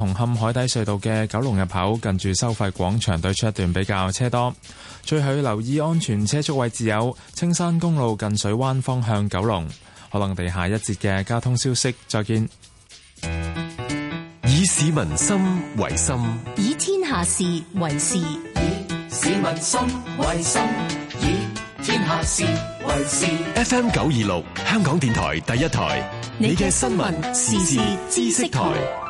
紅磡海底隧道嘅九龍入口近住收費廣場對出一段比較車多，最後要留意安全車速位置有青山公路近水灣方向九龍。可能地下一節嘅交通消息，再見。以,以,以市民心為心，以天下事為事。以市民心為心，以天下事為事。FM 九二六，香港電台第一台，你嘅新聞時事知識台。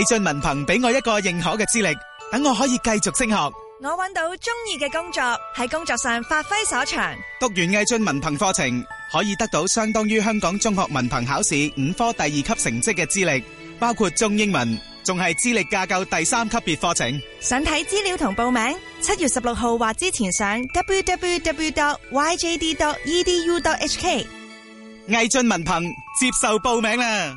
毅進文憑俾我一個認可嘅資歷，等我可以繼續升學。我揾到中意嘅工作，喺工作上發揮所長。讀完毅進文憑課程，可以得到相當於香港中學文憑考試五科第二級成績嘅資歷，包括中英文，仲係資歷架構第三級別課程。想睇資料同報名，七月十六號或之前上 www.yjd.edu.hk。毅進文憑接受報名啦！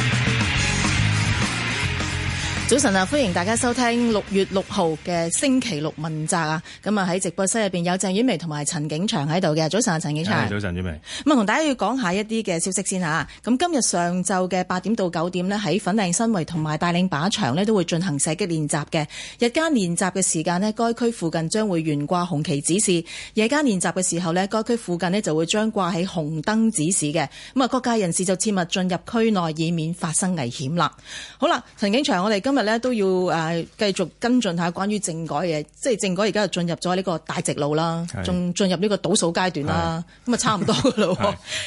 早晨啊，歡迎大家收聽六月六號嘅星期六問責啊！咁啊喺直播室入邊有鄭婉薇同埋陳景祥喺度嘅。早晨啊，陳景祥。早晨，婉薇。咁啊，同、嗯、大家要講一下一啲嘅消息先吓。咁、嗯、今日上晝嘅八點到九點咧，喺粉嶺新圍同埋大嶺靶場咧都會進行射擊練習嘅。日間練習嘅時間咧，該區附近將會懸掛紅旗指示；夜間練習嘅時候咧，該區附近咧就會將掛起紅燈指示嘅。咁、嗯、啊，各界人士就切勿進入區內，以免發生危險啦。好啦，陳景祥，我哋今日，咧都要誒繼續跟進下關於政改嘅。即、就、係、是、政改而家就進入咗呢個大直路啦，仲進入呢個倒數階段啦，咁啊是差唔多噶咯。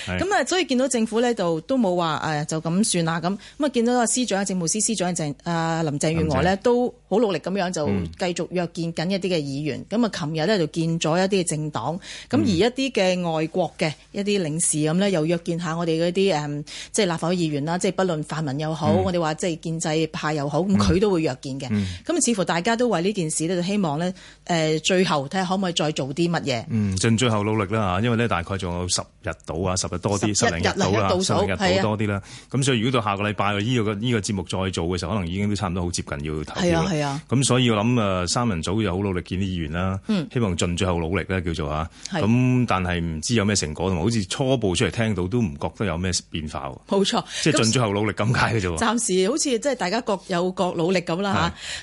咁啊， 是所以見到政府咧就都冇話誒就咁算啦咁，咁啊見到個司長、政務司司長鄭啊林鄭月娥咧正都。好努力咁樣就繼續約見緊一啲嘅議員，咁啊，琴日咧就見咗一啲嘅政黨，咁而一啲嘅外國嘅一啲領事咁咧，又約見下我哋嗰啲誒，即係立法會議員啦，即係不論泛民又好，我哋話即係建制派又好，咁佢都會約見嘅。咁似乎大家都為呢件事咧，就希望咧誒，最後睇下可唔可以再做啲乜嘢。嗯，盡最後努力啦嚇，因為咧大概仲有十日到啊，十日多啲，十零日到啦，十零日到多啲啦。咁所以如果到下個禮拜，呢個依個節目再做嘅時候，可能已經都差唔多好接近要投票。咁、嗯、所以我諗啊，三人組又好努力見啲議員啦，希望盡最後努力啦，叫做嚇。咁、嗯、但係唔知有咩成果，同埋好似初步出嚟聽到都唔覺得有咩變化喎。冇錯，即係盡最後努力咁解嘅啫喎。暫時好似即係大家各有各努力咁啦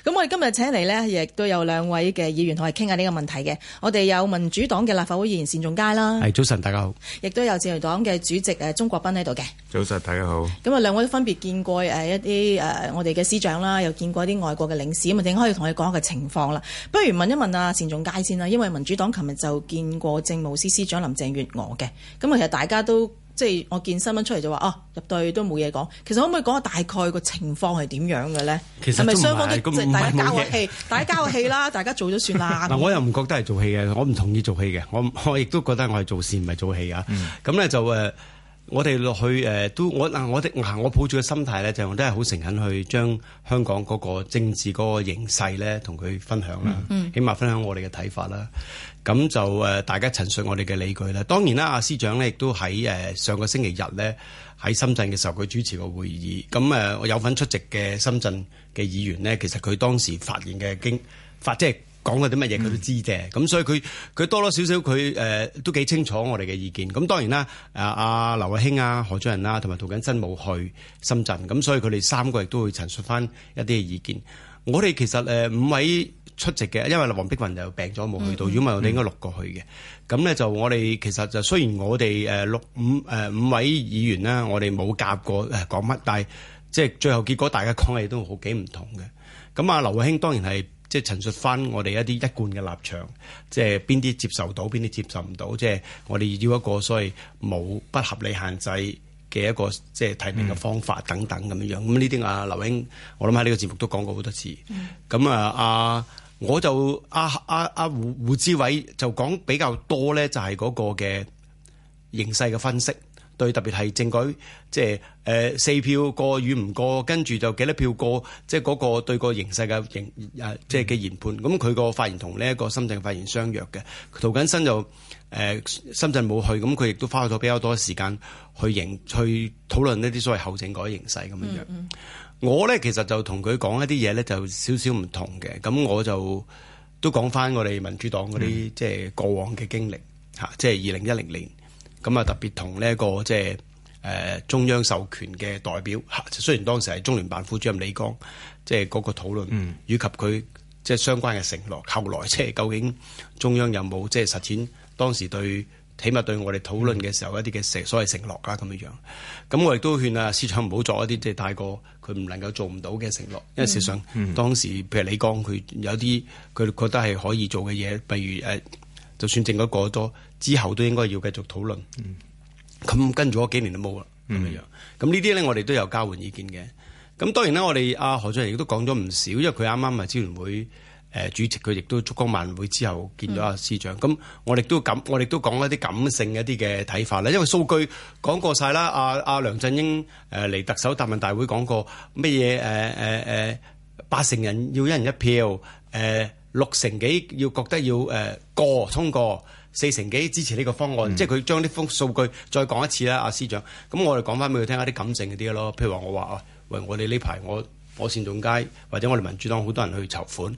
嚇。咁、嗯啊、我哋今日請嚟呢，亦都有兩位嘅議員同我哋傾下呢個問題嘅。我哋有民主黨嘅立法會議員單仲偕啦。係，早晨，大家好。亦都有自由黨嘅主席誒，鍾國斌喺度嘅。早晨，大家好。咁啊，兩位都分別見過誒一啲誒、啊、我哋嘅司長啦，又見過一啲外國嘅領事。咁啊，你可以同佢講下個情況啦。不如問一問啊，單仲偕先啦。因為民主黨琴日就見過政務司司長林鄭月娥嘅。咁其實大家都即係我見新聞出嚟就、啊、話，哦入對都冇嘢講。其實可唔可以講下大概個情況係點樣嘅咧？其實係咪雙方都唔係咁唔唔唔嘅？大家交個氣，大家交個氣啦， 大家做咗算啦。嗱， 我又唔覺得係做戲嘅，我唔同意做戲嘅。我我亦都覺得我係做事唔係做戲啊。咁咧、嗯、就誒。呃我哋落去誒都我嗱我哋嗱我抱住嘅心態咧，就係、我都係好誠懇去將香港嗰個政治嗰個形勢咧，同佢分享啦、嗯。嗯，起碼分享我哋嘅睇法啦。咁就誒大家陳述我哋嘅理據啦。當然啦，阿司長咧亦都喺誒上個星期日咧喺深圳嘅時候，佢主持個會議。咁誒，我有份出席嘅深圳嘅議員咧，其實佢當時發言嘅經發即係。講嗰啲乜嘢佢都知嘅，咁所以佢佢多多少少佢誒都幾清楚我哋嘅意見。咁當然啦，啊啊劉慧卿啊何俊仁啊同埋涂謹申冇去深圳，咁所以佢哋三個亦都會陳述翻一啲嘅意見。我哋其實誒五位出席嘅，因為黃碧雲就病咗冇去到，如果唔係我哋應該六個去嘅。咁咧就我哋其實就雖然我哋誒六五誒五位議員啦，我哋冇夾過誒講乜，但係即係最後結果大家講嘅嘢都好幾唔同嘅。咁啊劉慧卿當然係。即係陳述翻我哋一啲一貫嘅立場，即係邊啲接受到，邊啲接受唔到。即、就、係、是、我哋要一個所謂冇不合理限制嘅一個即係提名嘅方法等等咁樣樣。咁呢啲啊，劉英，我諗喺呢個節目都講過好多次。咁、嗯、啊，阿我就啊，阿、啊、阿、啊、胡胡志偉就講比較多咧，就係嗰個嘅形勢嘅分析。對，特別係政改，即係誒四票過與唔過，跟住就幾多票過，即係嗰個對個形勢嘅形誒，即係嘅研判。咁佢個發言同呢一個深圳發言相若嘅。涂謹申就誒、呃、深圳冇去，咁佢亦都花咗比較多時間去形去討論呢啲所謂後政改形勢咁樣。嗯嗯，我咧其實就同佢講一啲嘢咧，就少少唔同嘅。咁我就都講翻我哋民主黨嗰啲即係過往嘅經歷嚇，嗯、即係二零一零年。咁啊，特別同呢、這個即係誒中央授權嘅代表，雖然當時係中聯辦副主任李剛，即係嗰個討論，嗯、以及佢即係相關嘅承諾。後來即係究竟中央有冇即係實踐當時對起碼對我哋討論嘅時候、嗯、一啲嘅承所謂承諾啦咁樣樣。咁我亦都勸啊市場唔好作一啲即係大過佢唔能夠做唔到嘅承諾，因為事實上當時譬如李剛佢有啲佢覺得係可以做嘅嘢，譬如誒。呃就算政改過咗，之後都應該要繼續討論。咁、嗯、跟住嗰幾年都冇啦，咁、嗯、樣。咁呢啲咧，我哋都有交換意見嘅。咁當然啦，我哋阿何俊仁亦都講咗唔少，因為佢啱啱咪支聯會誒主席，佢亦都燭光晚會之後見到阿司長，咁、嗯、我哋都感，我哋都講一啲感性一啲嘅睇法啦。因為數據講過晒啦，阿、啊、阿、啊、梁振英誒嚟、啊、特首答問大會講過乜嘢誒誒誒，八成人要一人一票誒。啊啊六成幾要覺得要誒過、呃、通過，四成幾支持呢個方案，嗯、即係佢將呢封數據再講一次啦，阿、啊、司長。咁我哋講翻俾佢聽下啲感性嗰啲咯，譬如話我話啊，喂，我哋呢排我我單仲偕，或者我哋民主黨好多人去籌款，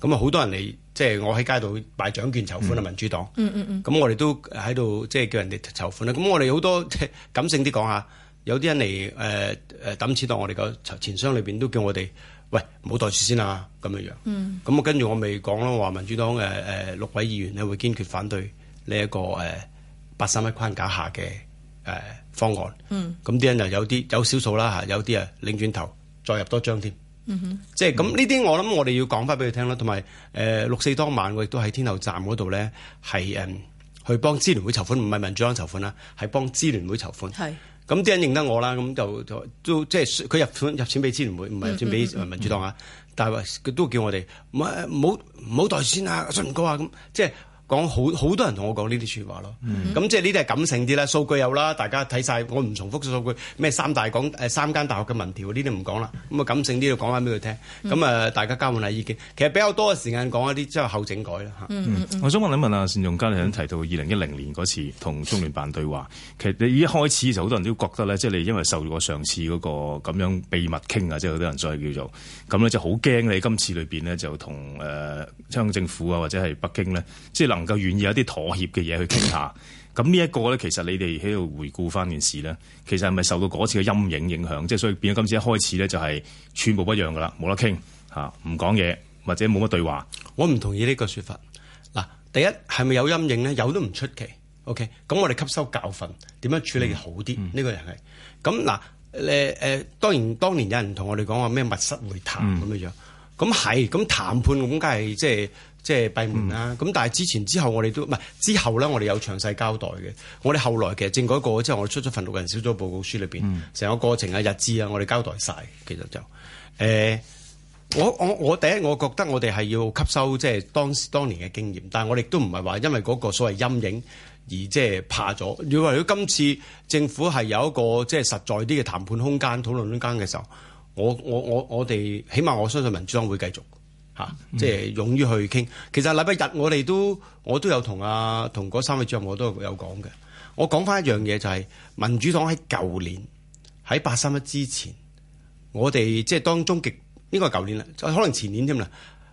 咁啊好多人嚟即係我喺街度擺獎券籌款啊，嗯、民主黨。嗯嗯嗯。咁我哋都喺度即係叫人哋籌款啦。咁我哋好多即感性啲講下，有啲人嚟誒誒揼錢當我哋個錢箱裏邊都叫我哋。喂，唔好袋住先啦，咁樣樣。嗯。咁我跟住我未講啦，話民主黨誒誒六位議員咧會堅決反對呢、這、一個誒、呃、八三一框架下嘅誒、呃、方案。嗯。咁啲人就有啲有少數啦吓，有啲啊擰轉頭再入多張添。嗯哼。即係咁呢啲，我諗我哋要講翻俾佢聽啦。同埋誒六四當晚，我亦都喺天后站嗰度咧，係誒、嗯、去幫支聯會籌款，唔係民主黨籌款啦，係幫支聯會籌款。係。是咁啲人認得我啦，咁就就都即係佢入款入，入錢俾支聯會，唔係入錢俾民民主黨啊，嗯嗯嗯、但係佢都叫我哋唔係唔好唔好代先啊，信哥啊即係。講好好多人同我講呢啲説話咯，咁、嗯、即係呢啲係感性啲啦。數據有啦，大家睇晒我唔重複數據，咩三大講誒三間大學嘅民調，呢啲唔講啦。咁啊感性啲就講翻俾佢聽，咁誒、嗯、大家交換下意見。其實比較多嘅時間講一啲即係後整改啦嚇。我想問你問啊單仲偕，你哋提到二零一零年嗰次同中聯辦對話，其實你一開始就好多人都覺得咧，即係你因為受過上次嗰個咁樣秘密傾啊，即係好多人都係叫做咁咧，就好驚你今次裏邊咧就同誒香港政府啊或者係北京咧即係能夠願意有啲妥協嘅嘢去傾下，咁呢一個咧，其實你哋喺度回顧翻件事咧，其實係咪受到嗰次嘅陰影影響？即係所以變咗今次一開始咧，就係全部不一樣噶啦，冇得傾吓，唔講嘢或者冇乜對話。我唔同意呢個説法。嗱，第一係咪有陰影咧？有都唔出奇。OK，咁我哋吸收教訓，點樣處理好啲？呢、嗯嗯、個人係咁嗱，誒誒、呃，當然當年有人同我哋講話咩密室會談咁樣。嗯咁係，咁談判咁梗係即係即係閉門啦。咁、嗯、但係之前之後我哋都唔係之後咧，我哋有詳細交代嘅。我哋後來其實政改過之後我哋出咗份六人小組報告書裏邊，成、嗯、個過程啊、日誌啊，我哋交代晒。其實就誒、欸，我我我第一我覺得我哋係要吸收即係、就是、當當年嘅經驗，但係我哋都唔係話因為嗰個所謂陰影而即係、就是、怕咗。你話如果今次政府係有一個即係、就是、實在啲嘅談判空間、討論空間嘅時候。我我我我哋，起碼我相信民主黨會繼續嚇，即、啊、係、就是、勇於去傾。嗯、其實禮拜日我哋都，我都有同啊同嗰三位主任我都有講嘅。我講翻一樣嘢就係、是，民主黨喺舊年喺八三一之前，我哋即係當終極應該係舊年啦，可能前年添啦。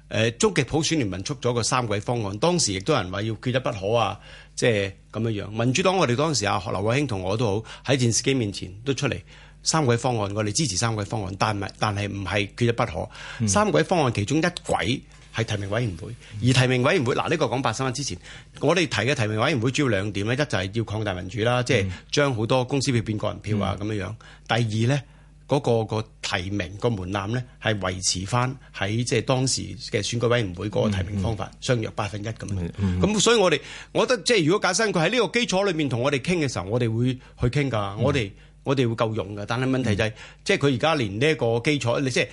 誒，終極普選聯盟出咗個三軌方案，當時亦都有人話要缺一不可啊，即係咁樣樣。民主黨我哋當時阿劉慧卿同我都好喺電視機面前都出嚟。三軌方案，我哋支持三軌方案，但係但係唔係缺一不可。嗯、三軌方案其中一軌係提名委員會，而提名委員會嗱呢、啊這個講白先之前，我哋提嘅提名委員會主要兩點咧，一就係要擴大民主啦，即係將好多公司票變個人票啊咁樣樣。第二呢，嗰、嗰個、嗰個嗰個提名、嗰個門檻呢，係維持翻喺即係當時嘅選舉委員會嗰個提名方法，嗯嗯、相約百分一咁樣。咁、嗯嗯、所以我哋我覺得即係如果假生佢喺呢個基礎裏面同我哋傾嘅時候，我哋會去傾噶，我哋。我哋會夠用嘅，但係問題就係、是，即係佢而家連呢個基礎，你即係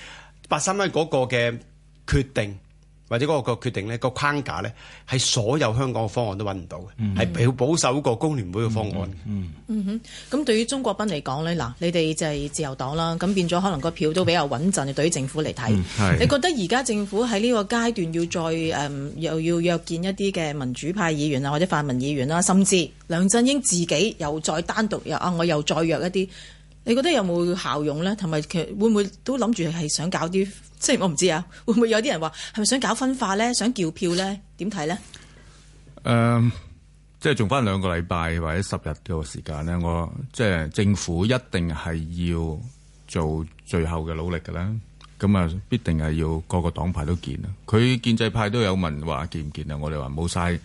八三一嗰個嘅決定。或者嗰個個決定呢個框架呢，係所有香港嘅方案都揾唔到嘅，係、mm hmm. 保守個工聯會嘅方案。嗯嗯哼，咁、hmm. 對於鍾國斌嚟講呢，嗱，你哋就係自由黨啦，咁變咗可能個票都比較穩陣。對於政府嚟睇，mm hmm. 你覺得而家政府喺呢個階段要再誒、呃，又要約見一啲嘅民主派議員啊，或者泛民議員啦，甚至梁振英自己又再單獨約啊，我又再約一啲。你覺得有冇效用咧？同埋其實會唔會都諗住係想搞啲？即係我唔知啊，會唔會有啲人話係咪想搞分化咧？想叫票咧？點睇咧？誒、呃，即係仲翻兩個禮拜或者十日嘅時間咧，我即係政府一定係要做最後嘅努力噶啦。咁啊，必定係要各個黨派都見啊。佢建制派都有問話見唔見啊？我哋話冇晒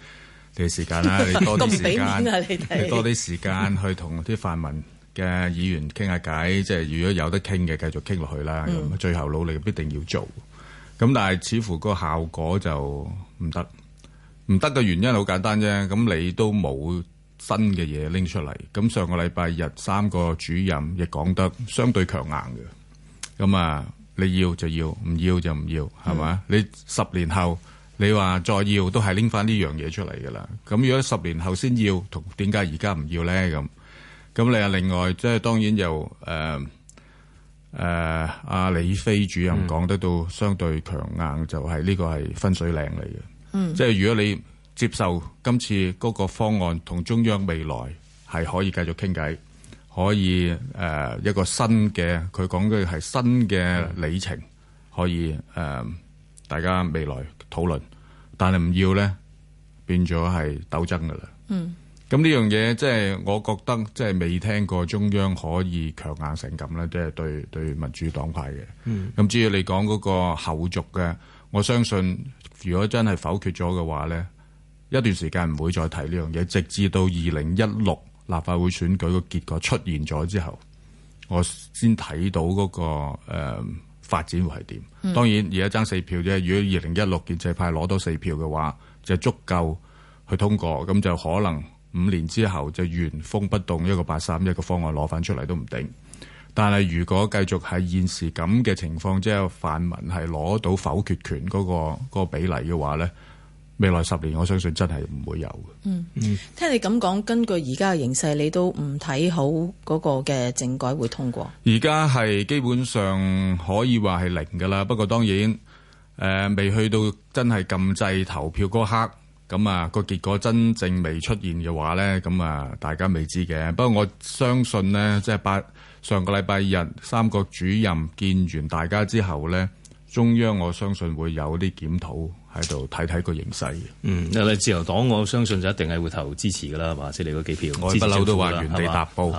嘅時間啦，你多啲時間 啊，你多啲時間你看 去同啲泛民。 嘅議員傾下偈，即係如果有得傾嘅，繼續傾落去啦。嗯、最後努力必定要做，咁但係似乎個效果就唔得，唔得嘅原因好簡單啫。咁你都冇新嘅嘢拎出嚟。咁上個禮拜日三個主任亦講得相對強硬嘅。咁啊，你要就要，唔要就唔要，係嘛、嗯？你十年後你話再要都係拎翻呢樣嘢出嚟㗎啦。咁如果十年後先要，同點解而家唔要咧咁？咁你啊，另外即係當然由誒誒，阿、呃呃、李飛主任講得到相對強硬，嗯、就係呢個係分水嶺嚟嘅。嗯，即係如果你接受今次嗰個方案，同中央未來係可以繼續傾偈，可以誒、呃、一個新嘅，佢講嘅係新嘅里程，嗯、可以誒、呃、大家未來討論，但係唔要咧變咗係鬥爭噶啦。嗯。咁呢樣嘢，即係我覺得，即係未聽過中央可以強硬成咁咧。即係對對民主黨派嘅咁、嗯、至於你講嗰個後續嘅，我相信如果真係否決咗嘅話咧，一段時間唔會再提呢樣嘢，直至到二零一六立法會選舉嘅結果出現咗之後，我先睇到嗰、那個誒、呃、發展會係點。嗯、當然而家爭四票啫。如果二零一六建制派攞到四票嘅話，就足夠去通過，咁就可能。五年之後就原封不動，一個八三一個方案攞返出嚟都唔定。但係如果繼續係現時咁嘅情況之下，即係泛民係攞到否決權嗰、嗰個嗰個比例嘅話咧，未來十年我相信真係唔會有。嗯嗯，聽你咁講，根據而家嘅形勢，你都唔睇好嗰個嘅政改會通過。而家係基本上可以話係零㗎喇。不過當然，誒、呃、未去到真係禁制投票嗰刻。咁啊，個結果真正未出現嘅話呢，咁啊，大家未知嘅。不過我相信呢，即係八，上個禮拜日，三個主任見完大家之後呢，中央我相信會有啲檢討。喺度睇睇個形勢，嗯，因為你自由黨我相信就一定係會投支持嘅啦，話即係你嗰幾票，我不嬲都話原地踏步，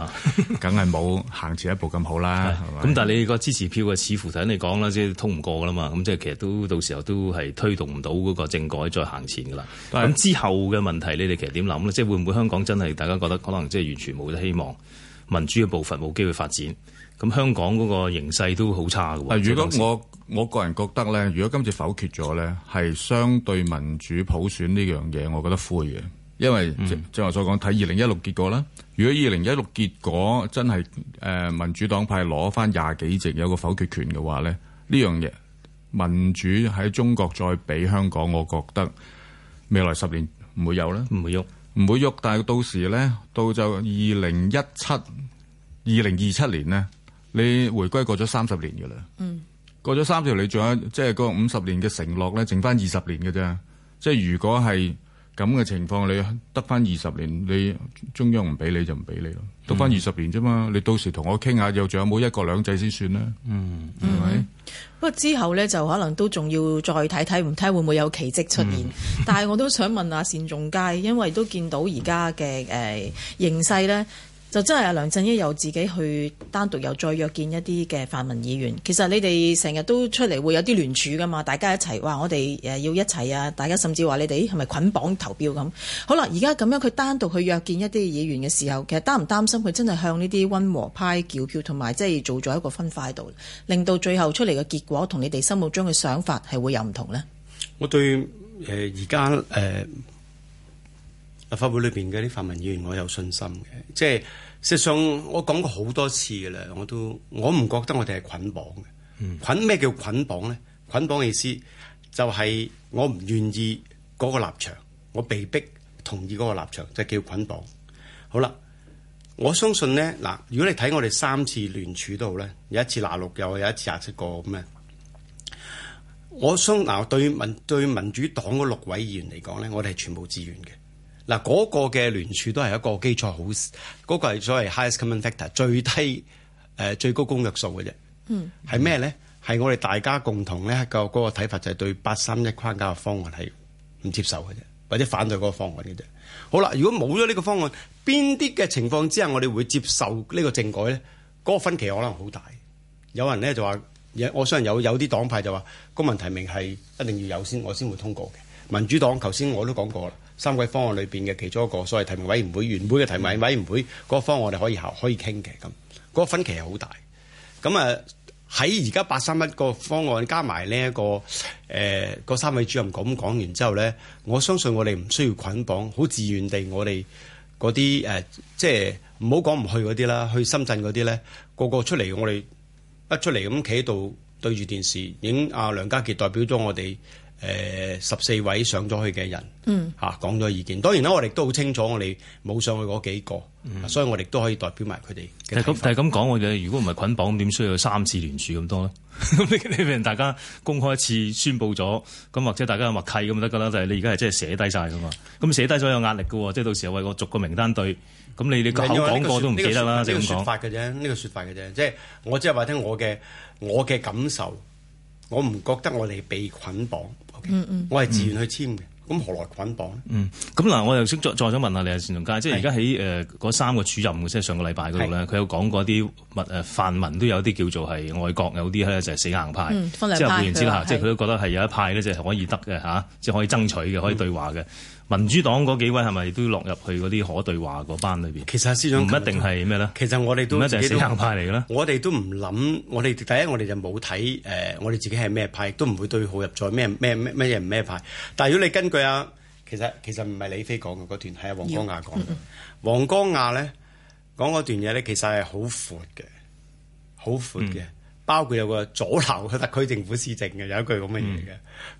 梗係冇行前一步咁好啦，係嘛？咁但係你個支持票嘅似乎聽你講啦，即係通唔過噶嘛，咁即係其實都到時候都係推動唔到嗰個政改再行前噶啦。咁那之後嘅問題你哋其實點諗咧？即係會唔會香港真係大家覺得可能即係完全冇得希望民主嘅部分冇機會發展？咁香港嗰個形勢都好差嘅。啊，如果我我個人覺得咧，如果今次否決咗咧，係相對民主普選呢樣嘢，我覺得灰嘅，因為正如我、嗯、所講，睇二零一六結果啦。如果二零一六結果真係誒、呃、民主黨派攞翻廿幾席有個否決權嘅話咧，呢樣嘢民主喺中國再俾香港，我覺得未來十年唔會有啦，唔會喐唔會喐。但係到時咧，到就二零一七二零二七年咧。你回歸過咗三十年嘅啦，嗯、過咗三十年，你仲有即係嗰五十年嘅承諾咧，剩翻二十年嘅啫。即係如果係咁嘅情況，你得翻二十年，你中央唔俾你就唔俾你咯。得翻二十年啫嘛，嗯、你到時同我傾下，又仲有冇一國兩制先算啦。嗯，係咪、嗯。不過之後咧，就可能都仲要再睇睇，唔睇會唔會有奇蹟出現。嗯、 但係我都想問下單仲偕，因為都見到而家嘅誒形勢咧。就真係阿梁振英又自己去單獨又再約見一啲嘅泛民議員。其實你哋成日都出嚟會有啲聯署噶嘛，大家一齊話我哋誒要一齊啊！大家甚至話你哋係咪捆綁投票咁？好啦，而家咁樣佢單獨去約見一啲議員嘅時候，其實擔唔擔心佢真係向呢啲溫和派撬票，同埋即係做咗一個分化度，令到最後出嚟嘅結果同你哋心目中嘅想法係會有唔同呢？我對誒而家誒法會裏邊嘅啲泛民議員，我有信心嘅，即係。實際上我講過好多次嘅啦，我都我唔覺得我哋係捆綁嘅。嗯、捆咩叫捆綁呢？捆綁嘅意思就係我唔願意嗰個立場，我被逼同意嗰個立場，就叫捆綁。好啦，我相信呢，嗱，如果你睇我哋三次聯署都好咧，有一次拿六，又有一次廿七個咁嘅。我相嗱、啊、對民對民主黨嗰六位議員嚟講呢，我哋係全部自願嘅。嗱，嗰個嘅聯署都係一個基礎，好，嗰個係所謂 highest common factor，最低誒、呃、最高公約數嘅啫。嗯，係咩咧？係我哋大家共同咧個嗰個睇法，就係對八三一框架嘅方案係唔接受嘅啫，或者反對嗰個方案嘅啫。好啦，如果冇咗呢個方案，邊啲嘅情況之下，我哋會接受呢個政改咧？嗰個分歧可能好大。有人咧就話，我相信有有啲黨派就話，公民提名係一定要有先，我先會通過嘅。民主黨頭先我都講過啦。三位方案裏邊嘅其中一個，所謂提名委員會原本嘅提名委員會嗰、那個那個、個方案，我哋可以考可以傾嘅咁，嗰個分歧係好大。咁啊喺而家八三一個方案加埋呢一個誒三位主任咁講完之後咧，我相信我哋唔需要捆綁，好自然地我哋嗰啲誒即係唔好講唔去嗰啲啦，去深圳嗰啲咧個個出嚟，我哋一出嚟咁企喺度對住電視影，阿梁家傑代表咗我哋。誒、呃、十四位上咗去嘅人，嗯，嚇、啊、講咗意見。當然啦，我哋都好清楚，我哋冇上去嗰幾個、嗯啊，所以我哋都可以代表埋佢哋。但係咁，但係咁講我哋，如果唔係捆綁，點需要三次連署咁多咧？你 俾大家公開一次宣佈咗，咁或者大家默契咁得噶啦。就係、是、你而家係即係寫低晒噶嘛。咁寫低咗有壓力噶喎，即係到時候為我逐個名單對。咁你哋口講過都唔記得啦、這個這個這個，就咁講法嘅啫，呢個説法嘅啫。即係我即係話聽我嘅，我嘅感受，我唔覺得我哋被捆綁。Okay. 嗯嗯，我係自願去簽嘅，咁何來捆綁咧？嗯，咁嗱、嗯嗯，我又想再再想問下你啊，單仲偕。是即係而家喺誒嗰三個主任即係上個禮拜嗰度咧，佢是有講過啲物誒泛民都有啲叫做係外國有啲咧，就係死硬派，即之、嗯、後方便 換言之後即係佢都覺得係有一派咧，即係可以得嘅嚇，即、啊、係可以爭取嘅，可以對話嘅。嗯民主黨嗰幾位係咪都落入去嗰啲可對話嗰班裏邊？其實司長唔一定係咩咧？其實我哋都唔一定小派嚟嘅咧。我哋都唔諗，我哋第一我哋就冇睇誒，我哋自己係咩派，都唔會對號入座咩咩咩咩嘢咩派。但係如果你根據啊，其實其實唔係李飛講嘅嗰段，係王光亞講。王光亞咧講嗰段嘢咧，其實係好 Yeah. 闊嘅，好闊嘅，嗯、包括有個阻撓去特區政府施政嘅，有一句咁嘅嘢嘅。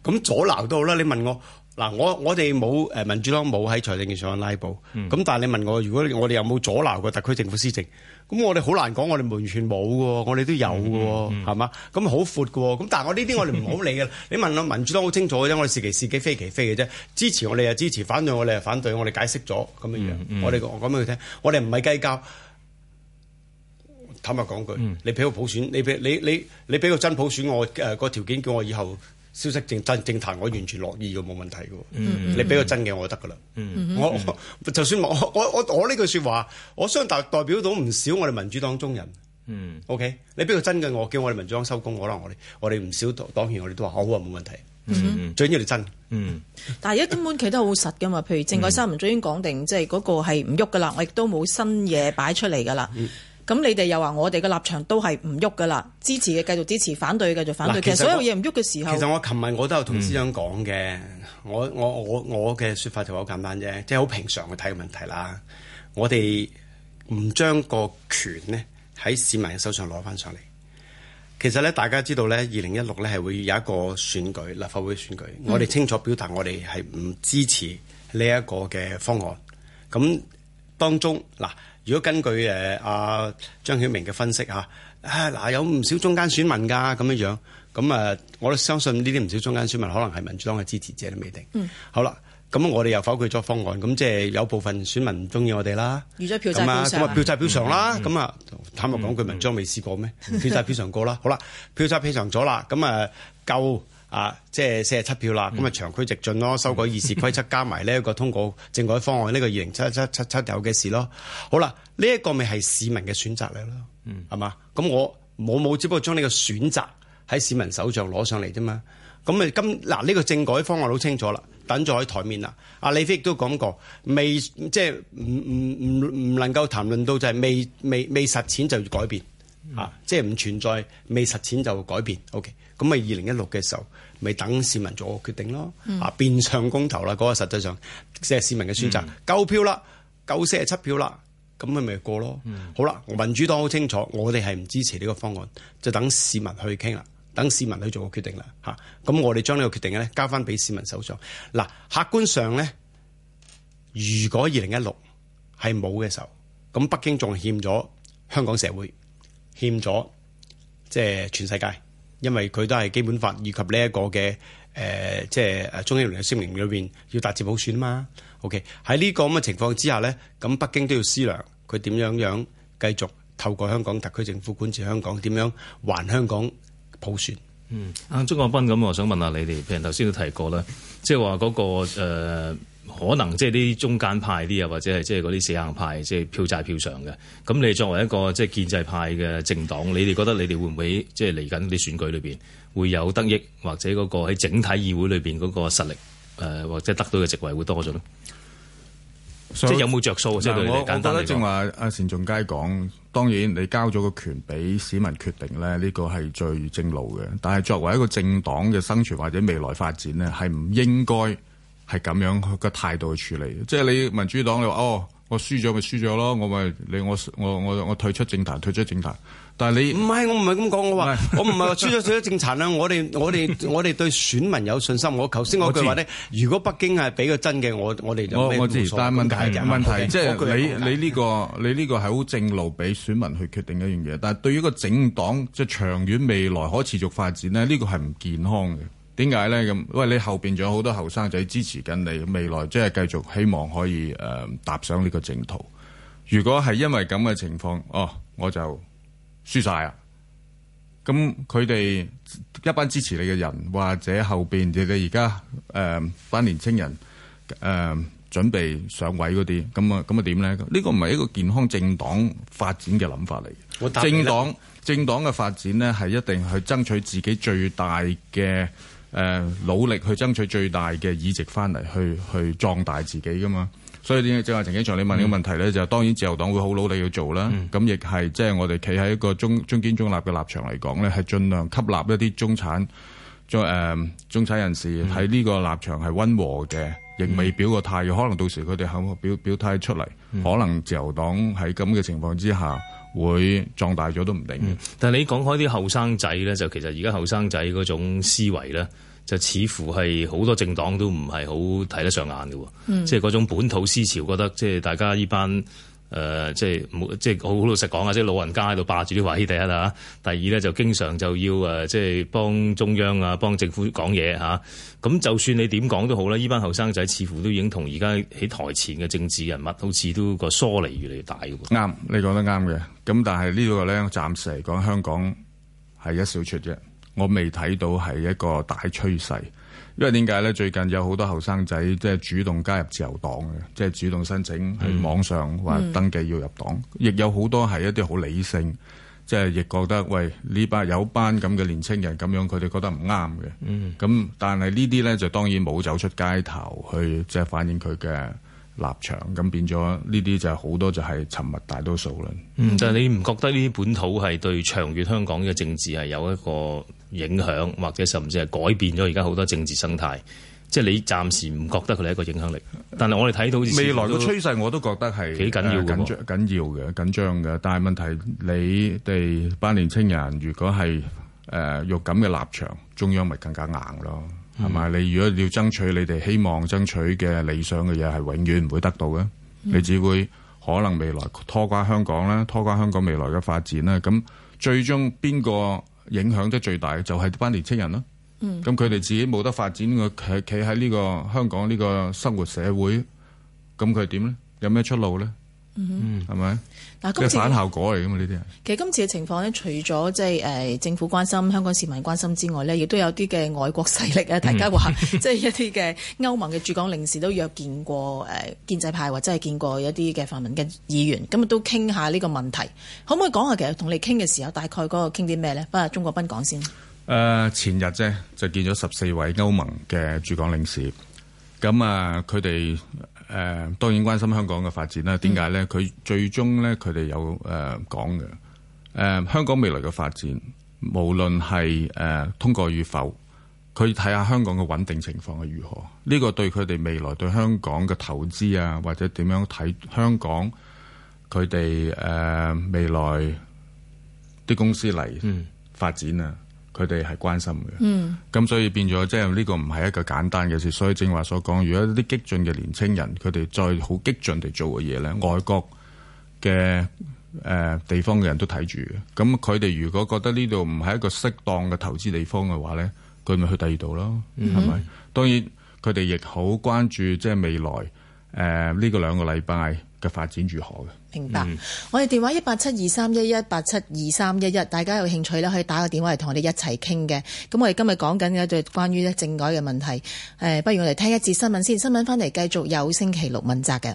咁、嗯、阻撓都好啦，你問我。嗱，我我哋冇誒民主黨冇喺財政上拉布，咁、嗯、但係你問我，如果我哋有冇阻撓過特區政府施政，咁我哋好難講，我哋完全冇嘅，我哋都有嘅，係嘛、嗯？咁好闊嘅，咁但係我呢啲我哋唔好理嘅。 你問我民主黨好清楚嘅啫，我哋是其是己非其非嘅啫。支持我哋又支持，反對我哋又反對，我哋解釋咗咁樣樣。嗯嗯、我哋我講俾佢聽，我哋唔係計較。坦白講句，嗯、你俾個普選，你俾你你你俾個真普選，我誒個條件叫我以後。消息正真正談，壇我完全樂意嘅，冇問題嘅。Mm hmm. 你俾個真嘅我就得㗎啦。我就算我我我我呢句説話，我相信代表到唔少我哋民主黨中人。嗯、mm hmm.，OK，你俾個真嘅我，叫我哋民主黨收工，可能我哋我哋唔少黨員我哋都話好啊，冇問題。Mm hmm. 最緊要你真。嗯、mm，hmm. 但係而家根本企得好實㗎嘛。譬如政改三唔早已經講定，即係嗰個係唔喐㗎啦。我亦都冇新嘢擺出嚟㗎啦。 嗯咁你哋又話我哋嘅立場都係唔喐噶啦，支持嘅繼續支持，反對嘅繼續反對。其實，其實所有嘢唔喐嘅時候，其實我琴日我都有同司長講嘅、嗯，我我我我嘅說法就好簡單啫，即係好平常去睇嘅問題啦。我哋唔將個權呢喺市民嘅手上攞翻上嚟。其實咧，大家知道咧，二零一六咧係會有一個選舉，立法會選舉。嗯、我哋清楚表達我哋係唔支持呢一個嘅方案。咁當中嗱。如果根據誒阿、啊、張曉明嘅分析啊嗱、啊、有唔少中間選民㗎，咁樣樣，咁啊我都相信呢啲唔少中間選民可能係民主黨嘅支持者都未定。嗯，好啦，咁我哋又否決咗方案，咁即係有部分選民唔中意我哋啦。預咗、嗯啊、票債，咁啊票債表常票債票償啦，咁啊、嗯、坦白講，句，文章未試過咩？票債票常票債票償過啦，好啦，票債票常票債票償咗啦，咁啊夠。啊，即係四十七票啦，咁咪、嗯、長驅直進咯，修改議事規則、嗯、加埋呢個通過政改方案呢 個二零七七七七有嘅事咯。好啦，呢、這、一個咪係市民嘅選擇嚟咯，係嘛、嗯？咁我冇冇，只不過將呢個選擇喺市民手上攞上嚟啫嘛。咁咪今嗱呢、啊呢個政改方案好清楚啦，等咗喺台面啦。阿李飛亦都講過，未即係唔唔唔唔能夠談論到就係未未未，未實踐就改變，嗯、啊，即係唔存在未實踐就改變。O、okay、K。咁咪二零一六嘅時候，咪等市民做個決定咯。啊、嗯，變相公投啦，嗰、那個實際上即係市民嘅選擇，嗯、夠票啦，夠四十七票啦，咁咪咪過咯。嗯、好啦，民主黨好清楚，我哋係唔支持呢個方案，就等市民去傾啦，等市民去做個決定啦。嚇、啊，咁我哋將呢個決定咧，交翻俾市民手上。嗱、啊，客觀上咧，如果二零一六係冇嘅時候，咁北京仲欠咗香港社會，欠咗即係全世界。因為佢都係基本法以及呢一個嘅誒，即、呃、係、就是、中英聯合聲明裏邊要達至普選啊嘛。OK，喺呢個咁嘅情況之下呢，咁北京都要思量佢點樣樣繼續透過香港特區政府管治香港，點樣還香港普選。嗯，阿鍾國斌咁，我想問下你哋，譬如頭先都提過啦，即係話嗰個、呃可能即係啲中間派啲啊，或者係即係嗰啲死硬派，即、就、係、是、票債票上嘅。咁你作為一個即係建制派嘅政黨，你哋覺得你哋會唔會即係嚟緊啲選舉裏邊會有得益，或者嗰個喺整體議會裏邊嗰個實力誒、呃，或者得到嘅席位會多咗咧？So, 即係有冇着數即係你哋簡單啲。我覺得正話阿單仲偕講，當然你交咗個權俾市民決定咧，呢、這個係最正路嘅。但係作為一個政黨嘅生存或者未來發展呢，係唔應該。係咁樣個態度去處理，即係你民主黨你話哦，我輸咗咪輸咗咯，我咪你我我我我退出政壇，退出政壇。但係你唔係，我唔係咁講，我話是我唔係話輸咗退出政壇啦。我哋我哋 我哋對選民有信心。我頭先嗰句話咧，如果北京係俾個真嘅，我我哋就我我知，我我知。但係問題問題，即係你你呢、這個 你呢、這個係好正路，俾選民去決定一樣嘢。但係對於個政黨即係、就是、長遠未來可持續發展呢，呢、這個係唔健康嘅。點解咧？咁喂，因為你後邊仲有好多後生仔支持緊你，未來即係繼續希望可以誒、呃、踏上呢個正途。如果係因為咁嘅情況哦，我就輸晒啦。咁佢哋一班支持你嘅人，或者後邊你哋而家誒班年青人、誒、呃、準備上位嗰啲，咁啊咁啊點咧？呢個唔係一個健康政黨發展嘅諗法嚟嘅。政黨政黨嘅發展咧，係一定去爭取自己最大嘅。誒努力去爭取最大嘅議席翻嚟，去去壯大自己噶嘛。所以正話，陳景祥，你問呢個問題咧，嗯、就是、當然自由黨會好努力去做啦。咁亦係即係我哋企喺一個中中堅中立嘅立場嚟講咧，係盡量吸納一啲中產，再誒、呃、中產人士喺呢個立場係溫和嘅，亦未表過態。可能到時佢哋肯表表態出嚟，嗯、可能自由黨喺咁嘅情況之下。會壯大咗都唔定、嗯。但係你講開啲後生仔咧，就其實而家後生仔嗰種思維咧，就似乎係好多政黨都唔係好睇得上眼嘅。嗯、即係嗰種本土思潮，覺得即係大家呢班。誒，uh，即係冇，即係好老實講啊！即係老人家喺度霸住啲話，第一啦，第二咧就經常就要誒，即係幫中央啊，幫政府講嘢吓。咁就算你點講都好啦，依班後生仔似乎都已經同而家喺台前嘅政治人物，好似都個疏離越嚟越大嘅。啱，你講得啱嘅。咁但係呢個咧，暫時嚟講，香港係一小撮啫，我未睇到係一個大趨勢。因為點解咧？最近有好多後生仔即係主動加入自由黨嘅，即係主動申請去網上或、嗯、登記要入黨。亦、嗯、有好多係一啲好理性，即係亦覺得喂呢班有班咁嘅年青人咁樣，佢哋覺得唔啱嘅。咁、嗯、但係呢啲咧就當然冇走出街頭去，即係反映佢嘅立場。咁變咗呢啲就係好多就係沉默大多數啦。嗯，但係你唔覺得呢啲本土係對長遠香港嘅政治係有一個？影響或者甚至係改變咗而家好多政治生態，即係你暫時唔覺得佢係一個影響力，但係我哋睇到未來嘅趨勢，我都覺得係幾緊要嘅緊要嘅緊張嘅。但係問題你哋班年青人，如果係誒肉緊嘅立場，中央咪更加硬咯，係咪？嗯、你如果要爭取你哋希望爭取嘅理想嘅嘢，係永遠唔會得到嘅，你只會可能未來拖垮香港啦，拖垮香港未來嘅發展啦。咁最終邊個？影響得最大嘅就係呢班年青人咯，咁佢哋自己冇得發展嘅，企企喺呢個香港呢個生活社會，咁佢係點咧？有咩出路咧？嗯哼，係咪？嗱、啊，今反效果嚟嘅嘛呢啲啊。其實今次嘅情況咧，除咗即係誒政府關心、香港市民關心之外咧，亦都有啲嘅外國勢力啊，大家話即係一啲嘅歐盟嘅駐港領事都約見過誒、呃、建制派，或者係見過一啲嘅泛民嘅議員，咁啊都傾下呢個問題，可唔可以講下其實同你傾嘅時候，大概嗰個傾啲咩咧？不如鍾國斌講先。誒、呃，前日啫，就見咗十四位歐盟嘅駐港領事，咁啊佢哋。呃誒、呃，當然關心香港嘅發展啦。點解咧？佢、嗯、最終咧，佢哋有誒講嘅。誒、呃呃，香港未來嘅發展，無論係誒通過與否，佢睇下香港嘅穩定情況係如何。呢、這個對佢哋未來對香港嘅投資啊，或者點樣睇香港佢哋誒未來啲公司嚟發展啊。嗯佢哋係關心嘅，咁、嗯、所以變咗即係呢個唔係一個簡單嘅事。所以正話所講，如果啲激進嘅年青人佢哋再好激進地做嘅嘢咧，外國嘅誒、呃、地方嘅人都睇住嘅。咁佢哋如果覺得呢度唔係一個適當嘅投資地方嘅話咧，佢咪去第二度咯，係咪？當然佢哋亦好關注即係未來誒呢、呃呢個兩個禮拜。嘅發展如何嘅？明白，嗯、我哋電話一八七二三一一八七二三一一，大家有興趣咧可以打個電話嚟同我哋一齊傾嘅。咁我哋今日講緊嘅就係關於政改嘅問題。誒，不如我哋聽一節新聞先。新聞返嚟繼續有星期六問責嘅。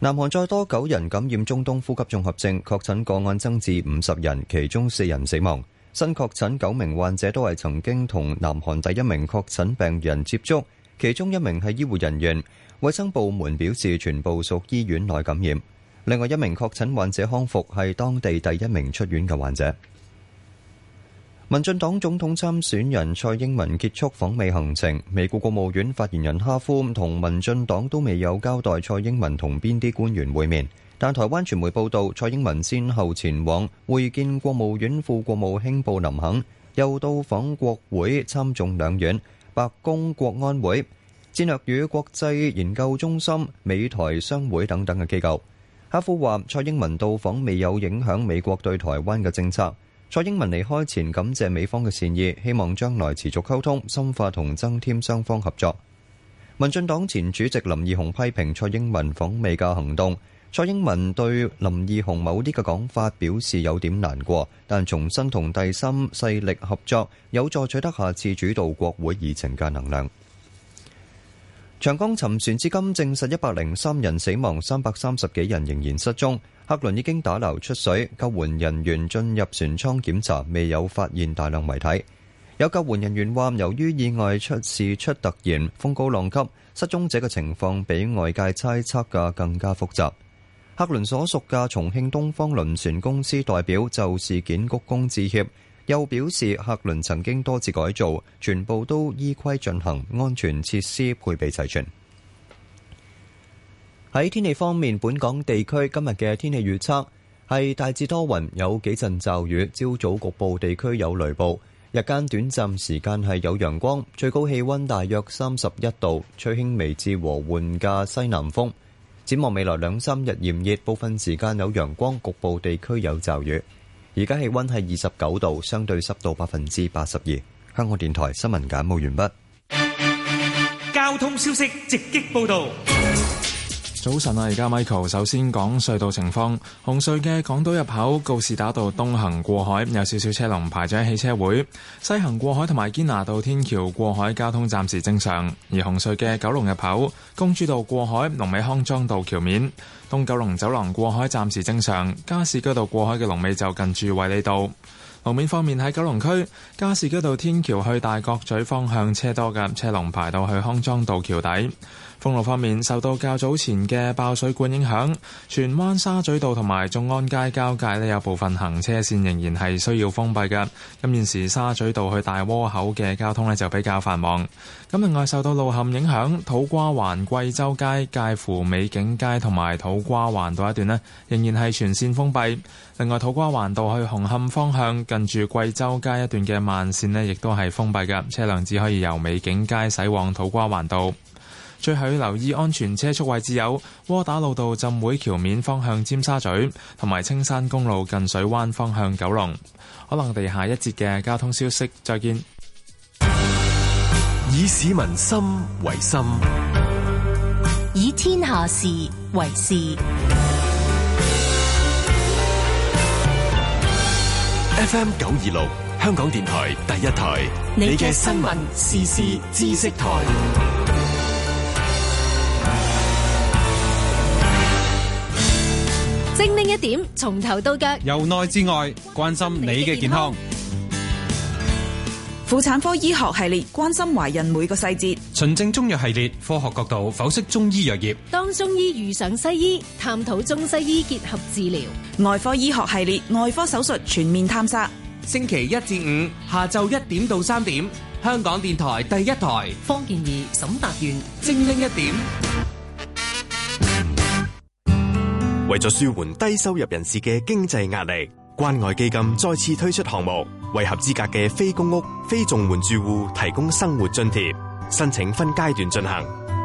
南韓再多九人感染中東呼吸綜合症，確診個案增至五十人，其中四人死亡。新確診九名患者都係曾經同南韓第一名確診病人接觸，其中一名係醫護人員。衛生部門表示，全部屬醫院內感染。另外一名確診患者康復，係當地第一名出院嘅患者。民進黨總統參選人蔡英文結束訪美行程，美國國務院發言人哈夫同民進黨都未有交代蔡英文同邊啲官員會面。但台灣傳媒報道，蔡英文先後前往會見國務院副國務卿布林肯，又到訪國會參眾兩院、白宮國安會、戰略與國際研究中心、美台商會等等嘅機構。哈夫話，蔡英文到訪未有影響美國對台灣嘅政策。蔡英文離開前感謝美方嘅善意，希望將來持續溝通、深化同增添雙方合作。民進黨前主席林義雄批評蔡英文訪美嘅行動。蔡英文對林義雄某啲嘅講法表示有點難過，但重新同第三勢力合作，有助取得下次主導國會議程嘅能量。長江沉船至今證實一百零三人死亡，三百三十幾人仍然失蹤。客輪已經打撈出水，救援人員進入船艙檢查，未有發現大量遺體。有救援人員話：由於意外出事出突然，風高浪急，失蹤者嘅情況比外界猜測嘅更加複雜。客輪所屬嘅重慶東方輪船公司代表就事件鞠躬致歉，又表示客輪曾經多次改造，全部都依規進行，安全設施配備齊全。喺天氣方面，本港地區今日嘅天氣預測係大致多雲，有幾陣驟雨，朝早局部地區有雷暴，日間短暫時間係有陽光，最高氣溫大約三十一度，吹輕微至和緩嘅西南風。展望未來兩三日炎熱，部分時間有陽光，局部地區有驟雨。而家氣溫係二十九度，相對濕度百分之八十二。香港電台新聞簡報完畢。交通消息直擊報道。早晨啊！而家 Michael 首先講隧道情況。紅隧嘅港島入口告士打道東行過海有少少車龍排咗喺汽車會，西行過海同埋堅拿道天橋過海交通暫時正常。而紅隧嘅九龍入口公主道過海龍尾康莊道橋面，東九龍走廊過海暫時正常。加士居道過海嘅龍尾就近住衛理道。路面方面喺九龍區加士居道天橋去大角咀方向車多嘅，車龍排到去康莊道橋底。封路方面，受到較早前嘅爆水管影響，荃灣沙咀道同埋眾安街交界咧有部分行車線仍然係需要封閉㗎。咁現時沙咀道去大窩口嘅交通咧就比較繁忙。咁另外受到路陷影響，土瓜灣貴州街介乎美景街同埋土瓜灣道一段咧，仍然係全線封閉。另外土瓜灣道去紅磡方向近住貴州街一段嘅慢線咧，亦都係封閉㗎，車輛只可以由美景街駛往土瓜灣道。最後要留意安全車速位置有窩打老道浸會橋面方向尖沙咀，同埋青山公路近水灣方向九龍。可能地下一節嘅交通消息，再見。以市民心為心，以天下事為事。F M 九二六，香港電台第一台，你嘅新聞時事知識台。一點，從頭到腳；由內至外，關心，關心你嘅健康。婦產科醫學系列，關心懷孕每個細節。純正中藥系列，科學角度剖析中醫藥業。當中醫遇上西醫，探討中西醫結合治療。外科醫學系列，外科手術全面探索。星期一至五下晝一點到三點，香港電台第一台。方健儀、沈達元，精靈一點。為咗舒緩低收入人士嘅經濟壓力，關愛基金再次推出項目，為合資格嘅非公屋、非綜援住戶提供生活津貼。申請分階段進行，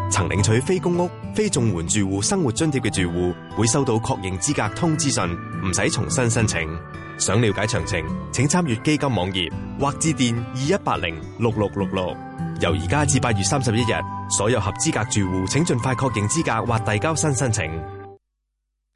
曾領取非公屋、非綜援住戶生活津貼嘅住戶會收到確認資格通知信，唔使重新申請。想了解詳情，請參閱基金網頁或致電二一八零六六六六。由而家至八月三十一日，所有合資格住戶請盡快確認資格或遞交新申請。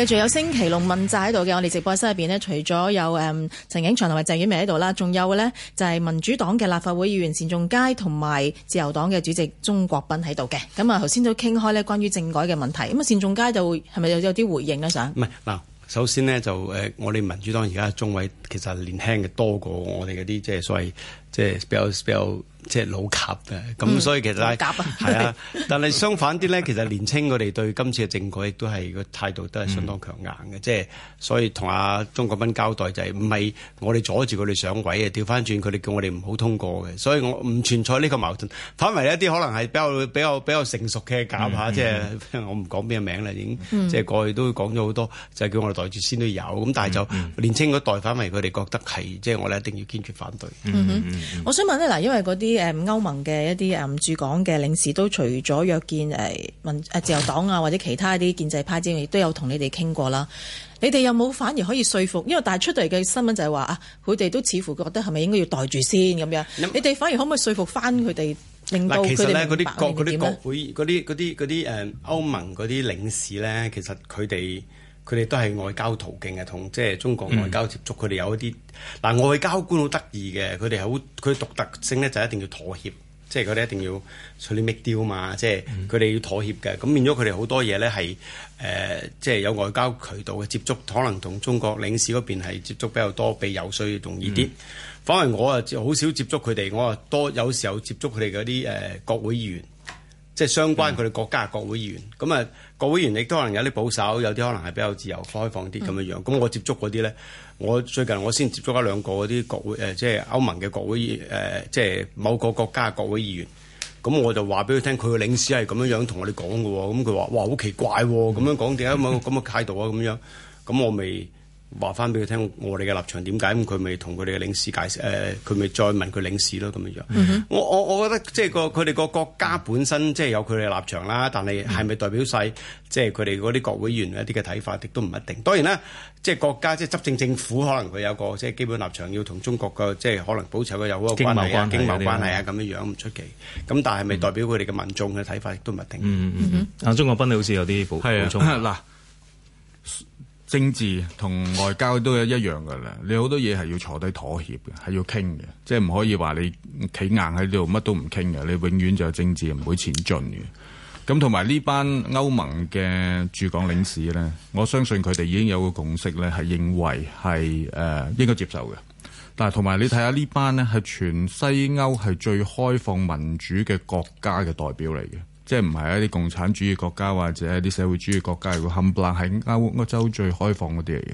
繼續有星期六問責喺度嘅，我哋直播室入邊呢，除咗有誒、嗯、陳景祥同埋鄭婉薇喺度啦，仲有嘅呢就係、是、民主黨嘅立法會議員單仲偕同埋自由黨嘅主席鍾國斌喺度嘅。咁啊，頭先都傾開呢，關於政改嘅問題，咁啊單仲偕就係咪有有啲回應呢？想唔係嗱，首先呢，就誒，我哋民主黨而家中委其實年輕嘅多過我哋嗰啲即係所謂。即係比較比較即係老鴿嘅，咁、嗯、所以其實係係啊，闆的但係相反啲咧， 其實年青佢哋對今次嘅政改亦都係個態度都係相當強硬嘅，即係、嗯、所以同阿鍾國斌交代就係唔係我哋阻住佢哋上位啊？調翻轉佢哋叫我哋唔好通過嘅，所以我唔存在呢個矛盾。反為一啲可能係比較比較比較成熟嘅鴿下。即係、嗯啊就係、我唔講咩名啦，已經即係過去都講咗好多，就係、叫我哋袋住先都有咁，但係就年青嗰代反為佢哋覺得係即係我哋一定要堅決反對。嗯嗯嗯嗯我想問咧嗱，因為嗰啲誒歐盟嘅一啲誒駐港嘅領事都除咗約見誒民誒自由黨啊或者其他一啲建制派之外，亦都有同你哋傾過啦。你哋有冇反而可以說服？因為但係出嚟嘅新聞就係話啊，佢哋都似乎覺得係咪應該要待住先咁樣？いや 你哋反而可唔可以說服翻佢哋令到佢哋明白點咧？嗱，其實咧嗰啲國嗰啲國會嗰啲嗰啲啲誒歐盟嗰啲領事咧，其實佢哋。佢哋都係外交途徑嘅，同即係中國外交接觸，佢哋有一啲嗱、嗯、外交官好得意嘅，佢哋好佢獨特性咧就一定要妥協，即係佢哋一定要 make deal 嘛，即係佢哋要妥協嘅。咁變咗佢哋好多嘢咧係誒，即係有外交渠道嘅接觸，可能同中國領事嗰邊係接觸比較多，被遊說容易啲。嗯、反為我啊，就好少接觸佢哋，我啊多有時候接觸佢哋嗰啲誒國會議員。即係相關佢哋國家嘅國會議員，咁啊，國會議員亦都可能有啲保守，有啲可能係比較自由開放啲咁嘅樣。咁我接觸嗰啲咧，我最近我先接觸一兩個嗰啲國會誒、呃，即係歐盟嘅國會議誒，即係某個國家嘅國會議員。咁、呃、我就話俾佢聽，佢嘅領事係咁樣樣同我哋講嘅喎。咁佢話：哇，好奇怪咁、啊 mm. 樣講，點解冇咁嘅態度啊？咁樣咁我未……話翻俾佢聽，我哋嘅立場點解？咁佢咪同佢哋嘅領事解釋？誒，佢咪再問佢領事咯？咁樣樣。我我我覺得即係個佢哋個國家本身即係有佢哋立場啦，但係係咪代表晒即係佢哋嗰啲國會議員一啲嘅睇法，亦都唔一定。當然啦，即係國家即係執政政府，可能佢有個即係基本立場，要同中國嘅即係可能保持個有好多關係啊、經貿關係啊咁樣樣唔出奇。咁但係咪代表佢哋嘅民眾嘅睇法亦都唔一定？鍾嗯嗯。國斌你好似有啲補充嗱。政治同外交都係一樣嘅啦，你好多嘢係要坐低妥協嘅，係要傾嘅，即係唔可以話你企硬喺呢度乜都唔傾嘅，你永遠就政治唔會前進嘅。咁同埋呢班歐盟嘅駐港領事呢，我相信佢哋已經有個共識呢，係認為係誒、呃、應該接受嘅。但係同埋你睇下呢班呢，係全西歐係最開放民主嘅國家嘅代表嚟嘅。即係唔係一啲共產主義國家或者一啲社會主義國家，如果冚唪唥喺歐歐洲最開放嗰啲嚟嘅，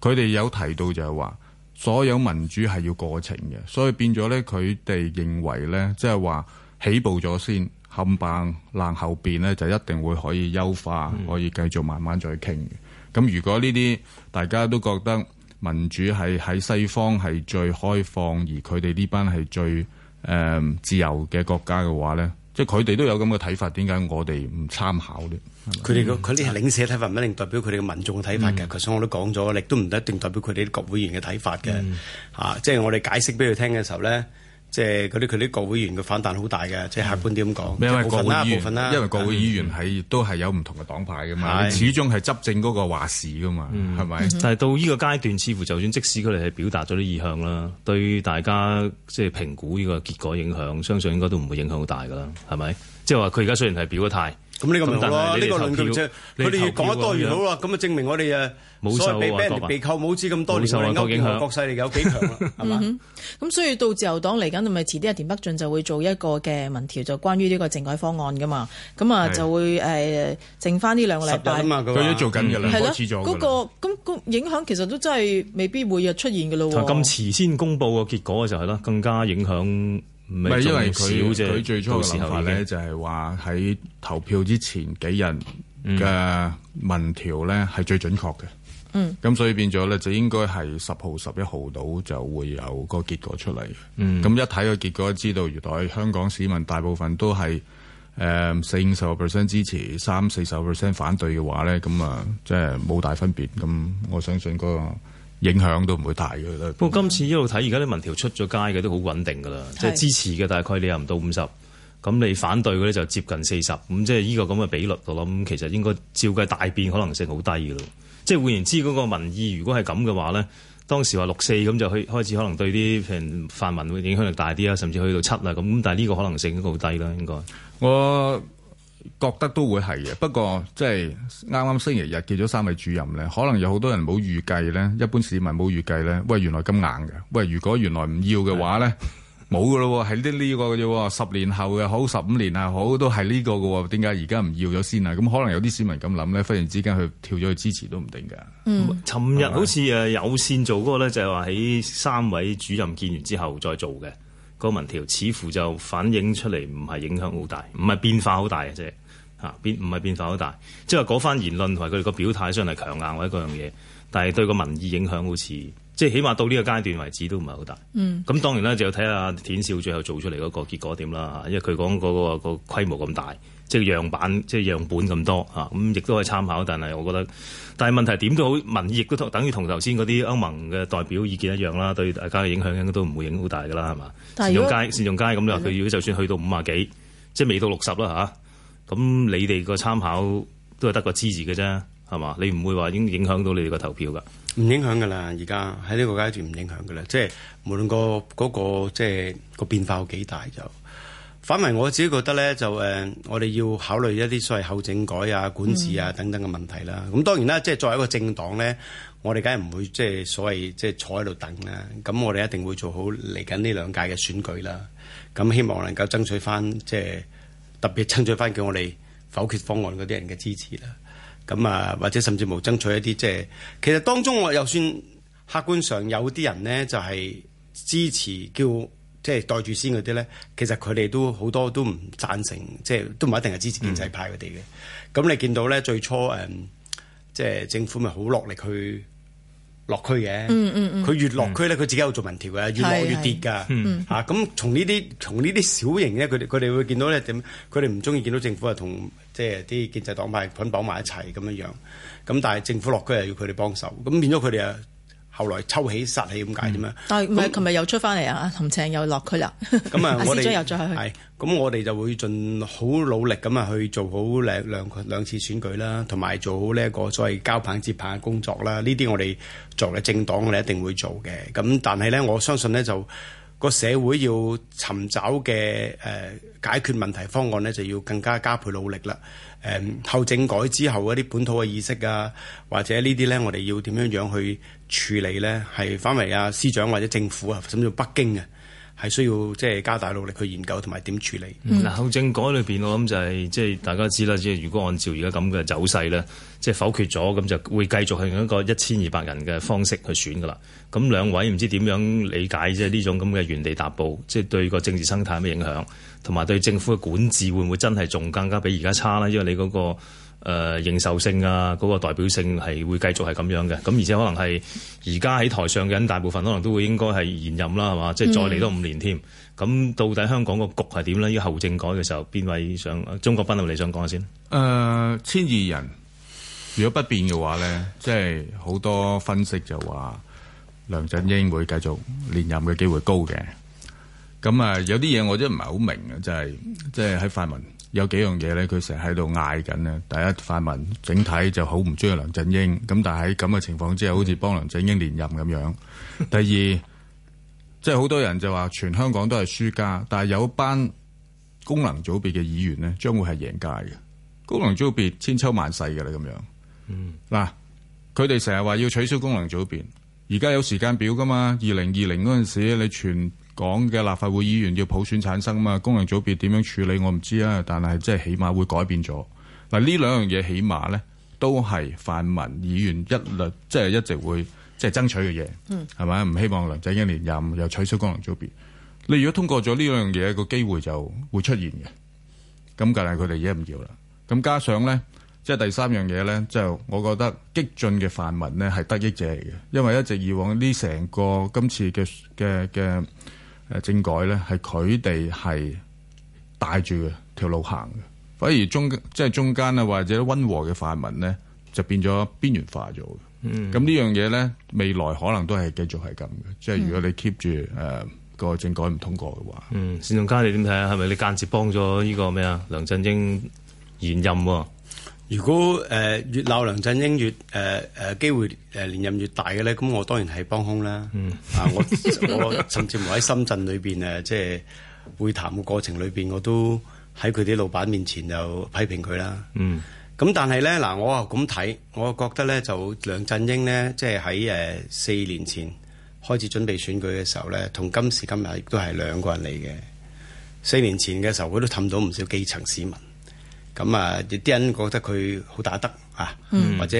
佢哋有提到就係話，所有民主係要過程嘅，所以變咗咧，佢哋認為咧，即係話起步咗先冚唪唥後邊咧就一定會可以優化，可以繼續慢慢再傾。咁、嗯、如果呢啲大家都覺得民主係喺西方係最開放，而佢哋呢班係最誒、呃、自由嘅國家嘅話咧？即係佢哋都有咁嘅睇法，點解我哋唔參考咧？佢哋個佢哋係領事睇法唔一定代表佢哋嘅民眾嘅睇法嘅，頭先、嗯、我都講咗，亦都唔一定代表佢哋啲國會議員嘅睇法嘅嚇、嗯啊。即係我哋解釋俾佢聽嘅時候咧。即係嗰啲佢啲國會議員嘅反彈好大嘅，即係客觀啲咁講，部分啦，因為國會議員係都係有唔同嘅黨派㗎嘛，嗯、始終係執政嗰個話事噶嘛，係咪、嗯？是是但係到呢個階段，似乎就算即使佢哋係表達咗啲意向啦，對大家即係評估呢個結果影響，相信應該都唔會影響好大噶啦，係咪？即係話佢而家雖然係表咗態。咁呢個問題咯，呢個論據啫。佢哋越講得多越好啦。咁啊，證明我哋誒，所以俾 band 被扣冇知咁多年嚟，影響國勢力有幾強啦，係嘛？咁所以到自由黨嚟緊，咪遲啲阿田北俊就會做一個嘅民調，就關於呢個政改方案噶嘛。咁啊，就會誒剩翻呢兩個禮拜。實質啊嘛，佢都做緊嘅啦，開始咗。嗰個咁公影響其實都真係未必每日出現嘅咯喎。咁遲先公佈個結果就係啦，更加影響。唔係因為佢佢最初嘅諗法咧，就係話喺投票之前幾日嘅民調咧係、嗯、最準確嘅。嗯，咁所以變咗咧，就應該係十號、十一號到就會有個結果出嚟。嗯，咁一睇個結果，知道原來香港市民大部分都係誒四五十個 percent 支持，三四十個 percent 反對嘅話咧，咁啊，即係冇大分別。咁我相信嗰、那個。影響都唔會大嘅。不過今次一路睇，而家啲民調出咗街嘅都好穩定噶啦，是即係支持嘅大概你又唔到五十，咁你反對嘅咧就接近四十，咁即係呢個咁嘅比率，我諗其實應該照計大變可能性好低嘅咯。即係換言之，嗰個民意如果係咁嘅話咧，當時話六四咁就去開始可能對啲譬如泛民會影響力大啲啊，甚至去到七啊咁，但係呢個可能性都好低啦，應該。我覺得都會係嘅，不過即係啱啱星期日見咗三位主任咧，可能有好多人冇預計咧，一般市民冇預計咧，喂原來咁硬嘅，喂如果原來唔要嘅話咧，冇㗎咯喎，係呢呢個嘅啫喎，十年後嘅好，十五年後好都係呢個嘅喎，點解而家唔要咗先啊？咁可能有啲市民咁諗咧，忽然之間佢跳咗去支持都唔定㗎。嗯，尋日好似誒有線做嗰個咧，就係話喺三位主任見完之後再做嘅。嗰民調似乎就反映出嚟，唔係影響好大，唔係變化好大嘅啫嚇。變唔係變化好大，即係話嗰番言論同埋佢哋個表態雖然係強硬或者嗰樣嘢，但係對個民意影響好似即係起碼到呢個階段為止都唔係好大。嗯，咁當然啦，就要睇下田少最後做出嚟嗰個結果點啦。因為佢講嗰個個規模咁大，即係樣板即係樣本咁多嚇，咁亦都可以參考，但係我覺得。但係問題點都好，民意亦都等於同頭先嗰啲歐盟嘅代表意見一樣啦。對大家嘅影響應該都唔會影響好大噶啦，係嘛？單仲偕，單仲偕咁佢如果就算去到五啊幾，即係未到六十啦吓，咁、啊、你哋個參考都係得個支持嘅啫，係嘛？你唔會話影影響到你哋個投票噶？唔影響噶啦，而家喺呢個階段唔影響噶啦。即係無論個嗰個，個，個即係個變化有幾大就。反而我自己覺得咧，就誒、呃，我哋要考慮一啲所謂後政改啊、管治啊等等嘅問題啦。咁、嗯、當然啦，即係作為一個政黨咧，我哋梗係唔會即係所謂即係坐喺度等啦。咁我哋一定會做好嚟緊呢兩屆嘅選舉啦。咁希望能夠爭取返即係特別爭取返叫我哋否決方案嗰啲人嘅支持啦。咁啊，或者甚至冇爭取一啲即係其實當中我又算客觀上有啲人咧，就係、是、支持叫。即係袋住先嗰啲咧，其實佢哋都好多都唔贊成，即係都唔一定係支持建制派佢哋嘅。咁、嗯、你見到咧，最初誒、嗯，即係政府咪好落力去落區嘅。佢、嗯嗯、越落區咧，佢、嗯、自己有做民調嘅，越落越下跌㗎。是是嗯、啊。咁從呢啲從呢啲小型咧，佢哋佢哋會見到咧點？佢哋唔中意見到政府係同即係啲建制黨派捆綁埋一齊咁樣樣。咁但係政府落區又要佢哋幫手，咁變咗佢哋啊。後來抽起殺氣咁解點啊？但係唔係琴日又出翻嚟啊？同程又落區啦。咁 啊，我哋又再去。係，咁我哋就會盡好 努力咁啊，去做好兩兩兩次選舉啦，同埋做好呢一個所謂交棒接棒嘅工作啦。呢啲我哋作為政黨，我哋一定會做嘅。咁但係咧，我相信咧就。個社會要尋找嘅誒解決問題方案呢，就要更加加倍努力啦。誒、嗯、後政改之後嗰啲本土嘅意識啊，或者呢啲呢，我哋要點樣樣去處理呢？係翻嚟啊，司長或者政府啊，甚至北京啊。係需要即係加大努力去研究同埋點處理。嗱、嗯，後政改裏邊，我諗就係即係大家知啦，即係如果按照而家咁嘅走勢咧，即係否決咗，咁就會繼續用一個一千二百人嘅方式去選噶啦。咁兩位唔知點樣理解即係呢種咁嘅原地踏步，即係對個政治生態有咩影響，同埋對政府嘅管治會唔會真係仲更加比而家差咧？因為你嗰個。誒、呃、認受性啊，嗰、那個代表性係會繼續係咁樣嘅，咁而且可能係而家喺台上嘅人大部分可能都會應該係現任啦，係嘛？即係再嚟多五年添。咁、嗯、到底香港個局係點咧？要後政改嘅時候，邊位想？鍾國斌有你想講先？誒、呃、千二人，如果不變嘅話咧，即係好多分析就話梁振英會繼續連任嘅機會高嘅。咁啊，有啲嘢我真係唔係好明啊，就係、是、即係喺泛民。有幾樣嘢咧，佢成日喺度嗌緊咧。第一，泛民整體就好唔中意梁振英，咁但係喺咁嘅情況之下，好似幫梁振英連任咁樣。第二， 即係好多人就話全香港都係輸家，但係有班功能組別嘅議員咧，將會係贏家嘅。功能組別千秋萬世嘅啦，咁樣。嗯，嗱，佢哋成日話要取消功能組別，而家有時間表噶嘛？二零二零嗰陣時，你全。講嘅立法會議員要普選產生嘛？功能組別點樣處理？我唔知啊，但係即係起碼會改變咗嗱。呢、啊、兩樣嘢起碼咧，都係泛民議員一律即係、就是、一直會即係、就是、爭取嘅嘢，係咪、嗯？唔希望梁振英連任又取消功能組別。你如果通過咗呢兩樣嘢，個機會就會出現嘅。咁，但係佢哋而家唔要啦。咁加上咧，即、就、係、是、第三樣嘢咧，就我覺得激進嘅泛民咧係得益者嚟嘅，因為一直以往呢成個今次嘅嘅嘅。政改咧，係佢哋係帶住條路行嘅，反而中即係中間啊，或者溫和嘅泛民咧，就變咗邊緣化咗嘅。咁、嗯、呢樣嘢咧，未來可能都係繼續係咁嘅。即係如果你 keep 住誒個政改唔通過嘅話，嗯，單仲偕你點睇啊？係咪你間接幫咗呢個咩啊？梁振英連任喎、啊？如果誒、呃、越鬧梁振英越誒誒、呃、機會誒連任越大嘅咧，咁我當然係幫兇啦。嗯、啊，我 我甚至乎喺深圳裏邊誒，即、就、係、是、會談嘅過程裏邊，我都喺佢啲老闆面前就批評佢啦。嗯，咁但係咧，嗱，我又咁睇，我覺得咧就梁振英咧，即係喺誒四年前開始準備選舉嘅時候咧，同今時今日亦都係兩個人嚟嘅。四年前嘅時候，佢都氹到唔少基層市民。咁啊！有啲人覺得佢好打得啊，或者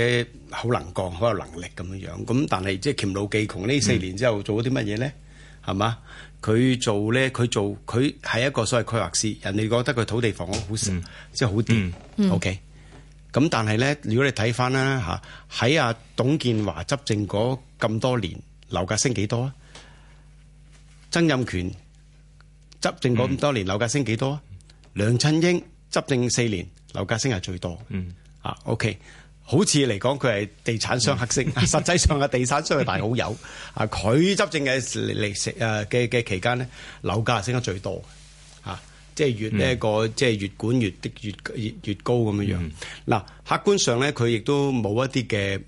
好能幹，好有能力咁樣樣。咁但係即係黔驢技窮，呢四年之後做咗啲乜嘢咧？係嘛？佢做咧，佢做佢係一個所謂規劃師。人哋覺得佢土地房屋好成，嗯、即係好掂。嗯嗯、OK。咁但係咧，如果你睇翻啦吓，喺阿董建華執政嗰咁多年，樓價升幾多啊？曾蔭權執政嗰咁多年，樓價升幾多啊？梁振英，執政四年，樓價升係最多。嗯，啊，OK，好似嚟講佢係地產商黑星，嗯、實際上嘅 地產商係大好友。啊，佢執政嘅歷歷誒嘅嘅期間咧，樓價升得最多。啊，即係越呢個即係越管越跌越越越高咁樣樣。嗱、嗯，客觀上咧，佢亦都冇一啲嘅誒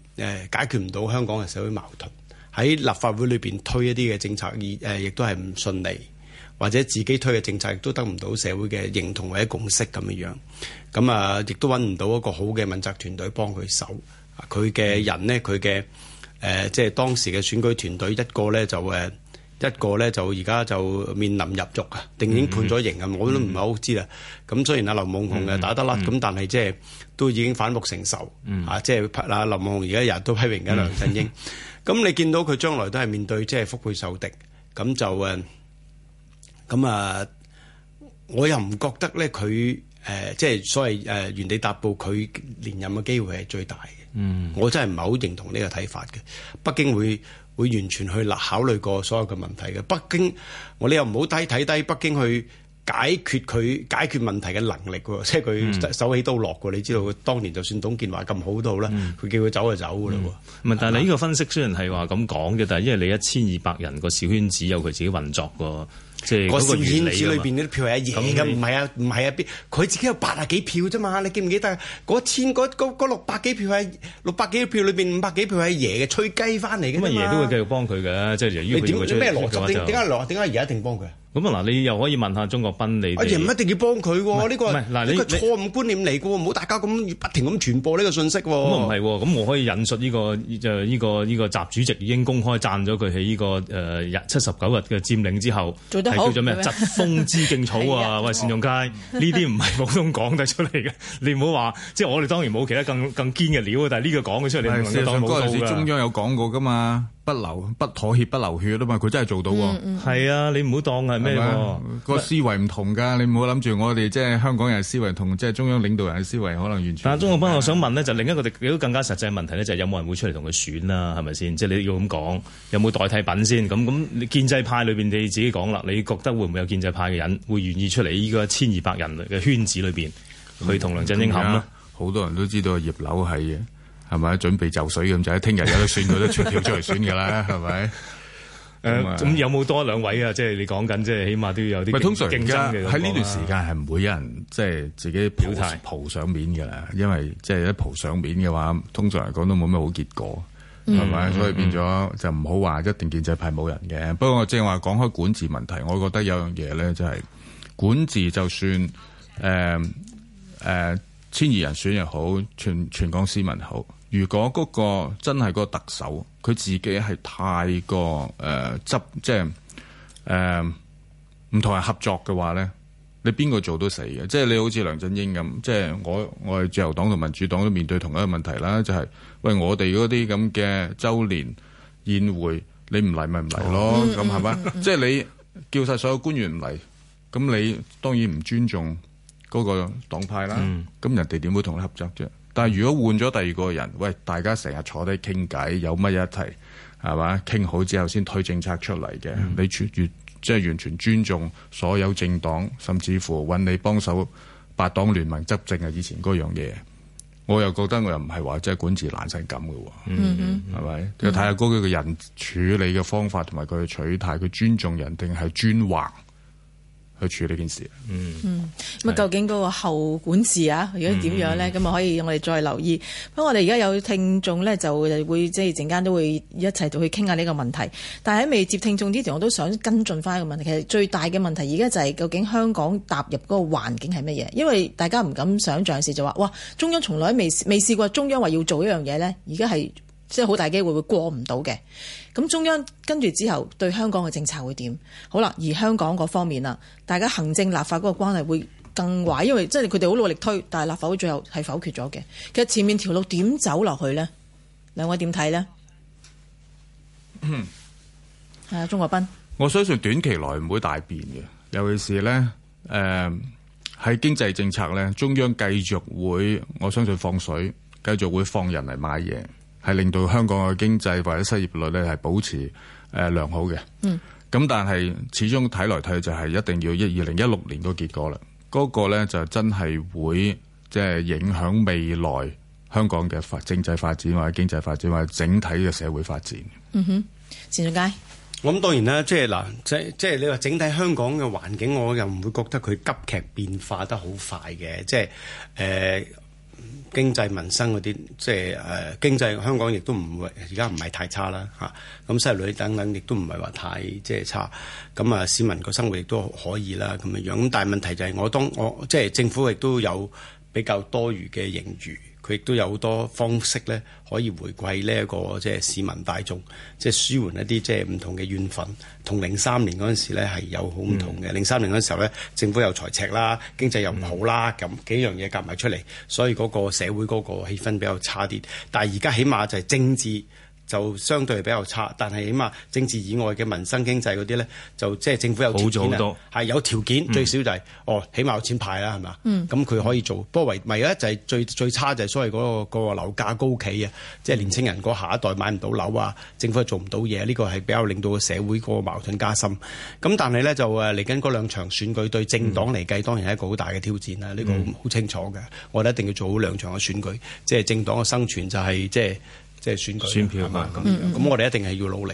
解決唔到香港嘅社會矛盾。喺立法會裏邊推一啲嘅政策，亦誒亦都係唔順利，或者自己推嘅政策亦都得唔到社會嘅認同或者共識咁樣樣，咁啊亦都揾唔到一個好嘅問責團隊幫佢手。佢嘅人呢，佢嘅誒即係當時嘅選舉團隊一個呢就誒一個呢就而家就面臨入獄啊，定已經判咗刑啊，嗯嗯我都唔係好知啦。咁、嗯嗯、雖然阿劉夢熊又打得甩，咁但係即係都已經反目成仇，嗯、啊即係啊劉夢熊而家日日都批評緊梁振英，咁、嗯、 你見到佢將來都係面對即係腹背受敵，咁就誒。咁啊，我又唔覺得咧，佢、呃、誒即係所謂誒、呃、原地踏步，佢連任嘅機會係最大嘅。嗯，我真係唔係好認同呢個睇法嘅。北京會會完全去考慮過所有嘅問題嘅。北京，我哋又唔好低睇低，低北京去解決佢解決問題嘅能力喎，即係佢手起刀落喎。嗯、你知道佢當年就算董建華咁好都好啦，佢、嗯、叫佢走就走噶啦喎。嗯嗯、吧但係你呢個分析雖然係話咁講嘅，但係因為你一千二百人個小圈子有佢自己運作喎。嗰個縣治裏邊呢啲票係阿爺嘅，唔係啊，唔係啊，邊，佢自己有八啊幾票啫嘛。你記唔記得嗰千嗰六百幾票係六百幾票裏邊五百幾票係爺嘅吹雞翻嚟嘅咁阿爺都會繼續幫佢嘅，即係由於點咩邏輯？點解羅？點解爺一定幫佢？咁啊嗱，你又可以問下鍾國斌你。阿爺唔一定要幫佢喎，呢個呢個錯誤觀念嚟嘅喎，唔好大家咁不停咁傳播呢個信息喎。咁唔係咁我可以引述呢個就呢個呢個習主席已經公開讚咗佢喺呢個誒七十九日嘅佔領之後做得好叫做咩？疾風之勁草啊！ 啊喂，善用街呢啲唔係普通講得出嚟嘅，你唔好話。即係我哋當然冇其他更更堅嘅料啊！但係呢個講嘅出嚟，是你唔能夠當冇到㗎。中央有講過㗎嘛？不流不妥協不流血啊嘛！佢真係做到喎，係、嗯嗯、啊！你唔好當係咩喎？吧是個思維唔同噶你唔好諗住我哋即係香港人嘅思維同即係中央領導人嘅思維可能完全。但係鍾國斌，我想問呢，就另一個亦都更加實際嘅問題呢，就係、是、有冇人會出嚟同佢選啦、啊？係咪先？即、就、係、是、你要咁講，有冇代替品先？咁咁，你建制派裏邊你自己講啦，你覺得會唔會有建制派嘅人會願意出嚟呢個千二百人嘅圈子裏邊去同梁振英談咧、嗯？好多人都知道葉劉係嘅。係咪準備就水咁就係？聽日有得選，佢都出條出嚟選噶啦，係咪？誒，咁有冇多兩位啊？即係你講緊，即係起碼都有啲。不通常而家喺呢段時間係唔會有人即係自己表態態蒲上面嘅，因為即係一蒲上面嘅話，通常嚟講都冇咩好結果，係咪？嗯、所以變咗、嗯、就唔好話一定建制派冇人嘅。不過我即係話講開管治問題，我覺得有樣嘢咧，就係管治就算誒誒。呃呃呃呃呃千二人選又好，全全港市民好，如果嗰個真係嗰個特首，佢自己係太過誒、呃、執，即係誒唔同人合作嘅話咧，你邊個做都死嘅。即係你好似梁振英咁，嗯、即係我我哋自由黨同民主黨都面對同一個問題啦，就係、是、喂我哋嗰啲咁嘅周年宴會，你唔嚟咪唔嚟咯，咁係咪？ 即係你叫晒所有官員唔嚟，咁你當然唔尊重。嗰個黨派啦，咁、嗯、人哋點會同你合作啫？但係如果換咗第二個人，喂，大家成日坐低傾偈，有乜嘢一齊係嘛？傾好之後先推政策出嚟嘅。嗯、你全越即係完全尊重所有政黨，甚至乎揾你幫手八黨聯盟執政啊！以前嗰樣嘢，我又覺得我又唔係話即係管治難成咁嘅喎，係咪、嗯？要睇下嗰個人處理嘅方法同埋佢嘅取態，佢尊重人定係專橫？去處理件事。嗯，咁啊、嗯，是究竟嗰個後管事啊，如果點樣咧，咁啊，可以我哋再留意。不過、嗯、我哋而家有聽眾咧，就會即係陣間都會一齊度去傾下呢個問題。但係喺未接聽眾之前，我都想跟進翻呢個問題。其實最大嘅問題而家就係究竟香港踏入嗰個環境係乜嘢？因為大家唔敢想像時就話，哇！中央從來未未試過，中央話要做一樣嘢咧，而家係即係好大機會會，會過唔到嘅。咁中央跟住之後對香港嘅政策會點？好啦，而香港嗰方面啦，大家行政立法嗰個關係會更壞，因為即係佢哋好努力推，但係立法會最後係否決咗嘅。其實前面條路點走落去呢？兩位點睇呢？嗯，係 啊，鍾國斌，我相信短期內唔會大變嘅，尤其是呢，誒、呃、喺經濟政策呢，中央繼續會我相信放水，繼續會放人嚟買嘢。係令到香港嘅經濟或者失業率咧，係保持誒，良好嘅。嗯。咁但係始終睇來睇去，就係一定要一二零一六年個結果啦。嗰個咧，就真係會，即係影響未來香港嘅發政制發展，或者經濟發展，或者整體嘅社會發展。嗯哼，錢俊佳。咁、嗯、當然啦，即係嗱，即係即係你話整體香港嘅環境，我又唔會覺得佢急劇變化得好快嘅，即係誒。呃經濟民生嗰啲，即係誒、啊、經濟香港亦都唔會而家唔係太差啦嚇。咁妻女等等亦都唔係話太即係差。咁啊，市民個生活亦都可以啦咁樣。咁但係問題就係我當我即係政府亦都有比較多餘嘅盈餘。佢亦都有好多方式咧，可以回饋呢一個即係市民大眾，即係舒緩一啲即係唔同嘅怨憤。同零三年嗰陣時咧係有好唔同嘅，零三年嗰時候咧、嗯、政府又財赤啦，經濟又唔好啦，咁、嗯、幾樣嘢夾埋出嚟，所以嗰個社會嗰個氣氛比較差啲。但係而家起碼就係政治，就相對比較差，但係起碼政治以外嘅民生經濟嗰啲咧，就即係政府有條件啊，係、嗯、有條件，最少就係、是嗯、哦，起碼有錢派啦，係嘛？咁佢、嗯、可以做。不過唯一啊，就係最最差就係所謂嗰、那個、那個樓價高企啊，即、就、係、是、年輕人嗰下一代買唔到樓啊，政府係做唔到嘢，呢個係比較令到個社會嗰個矛盾加深。咁但係咧就誒嚟緊嗰兩場選舉對政黨嚟計，當然係一個好大嘅挑戰啦。呢、嗯嗯、個好清楚嘅，我哋一定要做好兩場嘅選舉，即、就、係、是、政黨嘅生存就係即係。即係選舉，選票啊嘛，咁咁樣、嗯、我哋一定係要努力。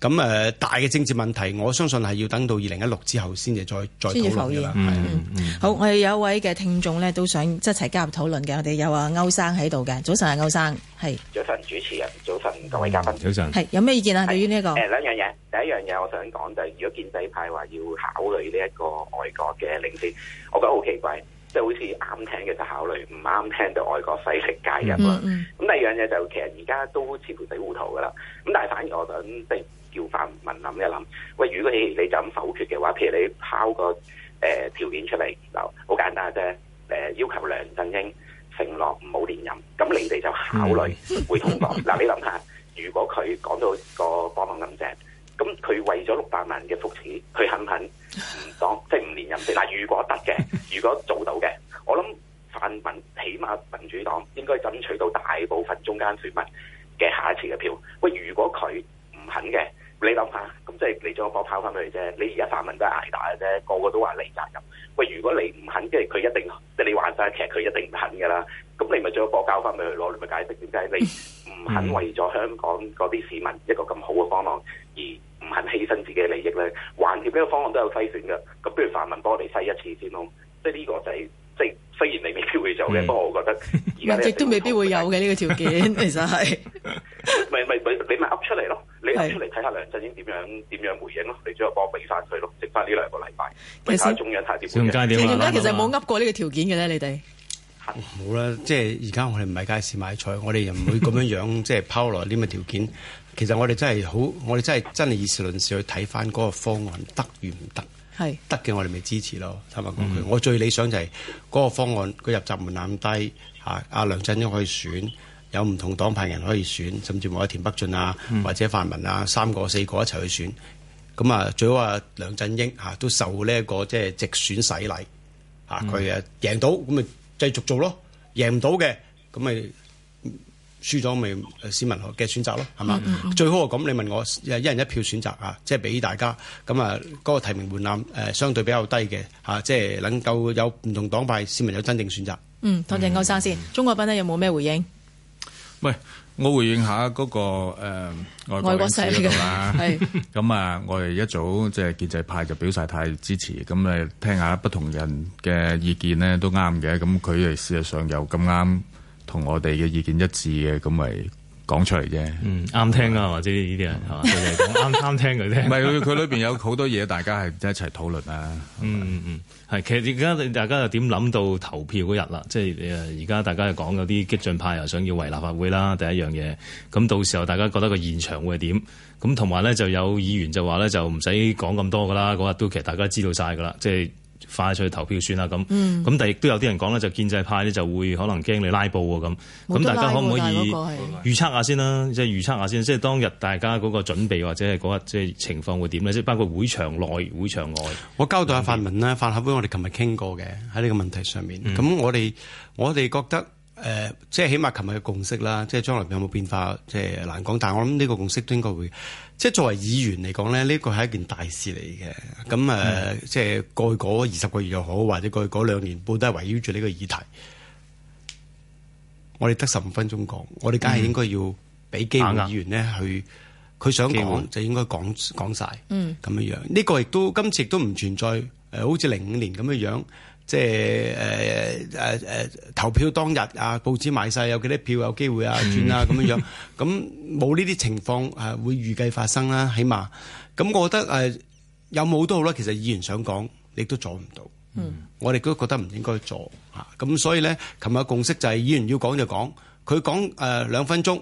咁誒、呃，大嘅政治問題，我相信係要等到二零一六之後先至再再討論啦是、嗯。嗯、嗯好，我哋有一位嘅聽眾咧，都想一齊加入討論嘅。我哋有啊歐生喺度嘅，早晨啊歐生，係。早晨主持人，早晨各位嘉賓，嗯、早晨安。係有咩意見啊？對於呢、呢個？誒兩樣嘢，第一樣嘢我想講就係、係，如果建制派話要考慮呢一個外國嘅領事，我覺得好奇怪。即係好似啱聽嘅就考慮，唔啱聽就外國勢力介入啦。咁、mm hmm. 第二樣嘢就其實而家都似乎死糊塗㗎啦。咁但係反而我諗即叫返泛民諗一諗，喂，如果你你就咁否決嘅話，譬如你拋個誒、呃、條件出嚟，就好簡單啫。誒、呃，要求梁振英承諾唔好連任，咁你哋就考慮會通過。嗱、mm hmm. 呃，你諗下，如果佢講到個方案咁正？咁佢為咗六百萬嘅福祉，佢肯唔肯唔講，即係唔連任先。嗱， 如果得嘅，如果做到嘅，我諗泛民起碼民主黨應該爭取到大部分中間選民嘅下一次嘅票。喂，如果佢唔肯嘅，你諗下，咁即係你將個波拋翻俾佢啫。你而家泛民都係挨打嘅啫，個個都話嚟責任。喂，如果你唔肯，即係佢一定即係你話曬，其實佢一定唔肯嘅啦。咁你咪將個波交翻俾佢囉，你咪解釋點解你唔肯為咗香港嗰啲市民一個咁好嘅方案？而唔肯犧牲自己嘅利益咧，橫掂呢個方案都有篩選嘅，咁不如泛民幫你篩一次先咯。即係呢個就係、是，即係雖然你未必會做嘅，不過是我覺得，亦都 未必會有嘅呢、這個條件 其實係。咪咪你咪噏出嚟咯，你噏出嚟睇下梁振英點樣點樣回應咯，是你再幫我俾晒佢咯，剩返呢兩個禮拜。其實看看中央太點樣？中央其實冇噏過呢個條件嘅咧，你哋。冇、哦、啦，即係而家我哋唔係街市買菜，我哋又唔會咁樣樣， 即係拋落啲咁嘅條件。其實我哋真係好，我哋真係真係以事論事去睇翻嗰個方案得與唔是得。係得嘅，我哋咪支持咯，坦白講，佢。嗯、我最理想就係、是、嗰、那個方案，佢入閘門檻低，嚇阿梁振英可以選，有唔同黨派人可以選，甚至埋田北俊啊，嗯、或者泛民啊，三個四個一齊去選。咁啊，最好啊，梁振英嚇都受呢個即係直選洗禮，嚇，佢啊贏到咁啊！就係繼續做咯，贏唔到嘅咁咪輸咗咪市民嘅選擇咯，係嘛？嗯、最好就咁，你問我一人一票選擇啊，即係俾大家咁啊，嗰、那個提名門檻誒、呃、相對比較低嘅嚇、啊，即係能夠有唔同黨派市民有真正選擇。嗯，唐定國生先，嗯、鍾國斌呢，有冇咩回應？唔係。我回應下嗰、那個誒、呃、外國勢力啦，咁 啊，我哋一早即係、就是、建制派就表晒態支持，咁誒，聽下不同人嘅意見咧都啱嘅。咁佢哋事實上又咁啱同我哋嘅意見一致嘅，咁咪。講出嚟啫，嗯，啱聽啊，或者呢啲人係嘛對嚟講啱啱聽嗰啲。唔係佢佢裏邊有好多嘢，大家係一齊討論啊。嗯嗯 吧嗯，係、嗯、其實而家大家又點諗到投票嗰日啦？即係誒，而家大家又講有啲激進派又想要圍立法會啦，第一樣嘢。咁到時候大家覺得個現場會係點？咁同埋咧就有議員就話咧就唔使講咁多噶啦，嗰日都其實大家知道晒噶啦，即、就、係、是。快去投票算啦咁。咁、嗯、但係亦都有啲人講咧，就建制派咧就會可能驚你拉布啊咁，咁、嗯、大家可唔可以預測下先啦？嗯、即係預測下先，即係當日大家嗰個準備或者係嗰日即係情況會點咧？即係包括會場內、會場外。我交代下發文啦，發合會我哋琴日傾過嘅喺呢個問題上面，咁、嗯、我哋我哋覺得。誒、呃，即係起碼琴日嘅共識啦，即係將來有冇變化，即係難講。但係我諗呢個共識都應該會，即係作為議員嚟講咧，呢、呢個係一件大事嚟嘅。咁誒、嗯呃，即係過去嗰二十個月又好，或者過去嗰兩年半都係圍繞住呢個議題。我哋得十五分鐘講，我哋梗係應該要俾基本議員咧、嗯、去，佢想講本就應該講講晒。樣嗯，咁樣樣呢個亦都今次亦都唔存在誒，好似零五年咁嘅樣。即係誒誒誒投票當日啊，報紙賣曬有幾多票有機會啊轉啊咁樣樣，咁冇呢啲情況係會預計發生啦，起碼咁我覺得誒有冇都好啦。其實議員想講，你都阻唔到，我哋都覺得唔應該阻嚇。咁所以咧，琴日共識就係議員要講就講，佢講誒兩分鐘，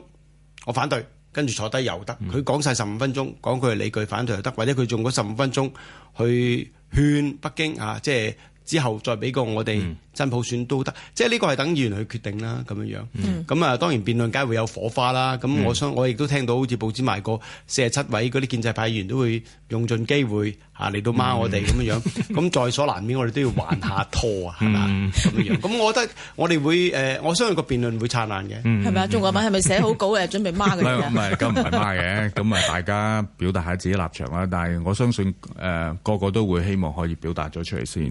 我反對，跟住坐低又得。佢講曬十五分鐘，講佢係理據反對又得，或者佢用嗰十五分鐘去勸北京嚇，即係。之後再俾個我哋。嗯真普選都得，即係呢個係等議員去決定啦，咁樣樣。咁啊，當然辯論階會有火花啦。咁我想，我亦都聽到好似報紙賣過四十七位嗰啲建制派議員都會用盡機會嚇嚟到掹我哋咁樣樣。咁在所難免，我哋都要還下拖啊，係咪咁樣樣。咁我覺得我哋會誒，我相信個辯論會燦爛嘅，係咪啊？鍾國斌係咪寫好稿誒，準備掹嘅？唔係唔咁唔係掹嘅，咁咪大家表達下自己立場啦。但係我相信誒，個個都會希望可以表達咗出嚟先。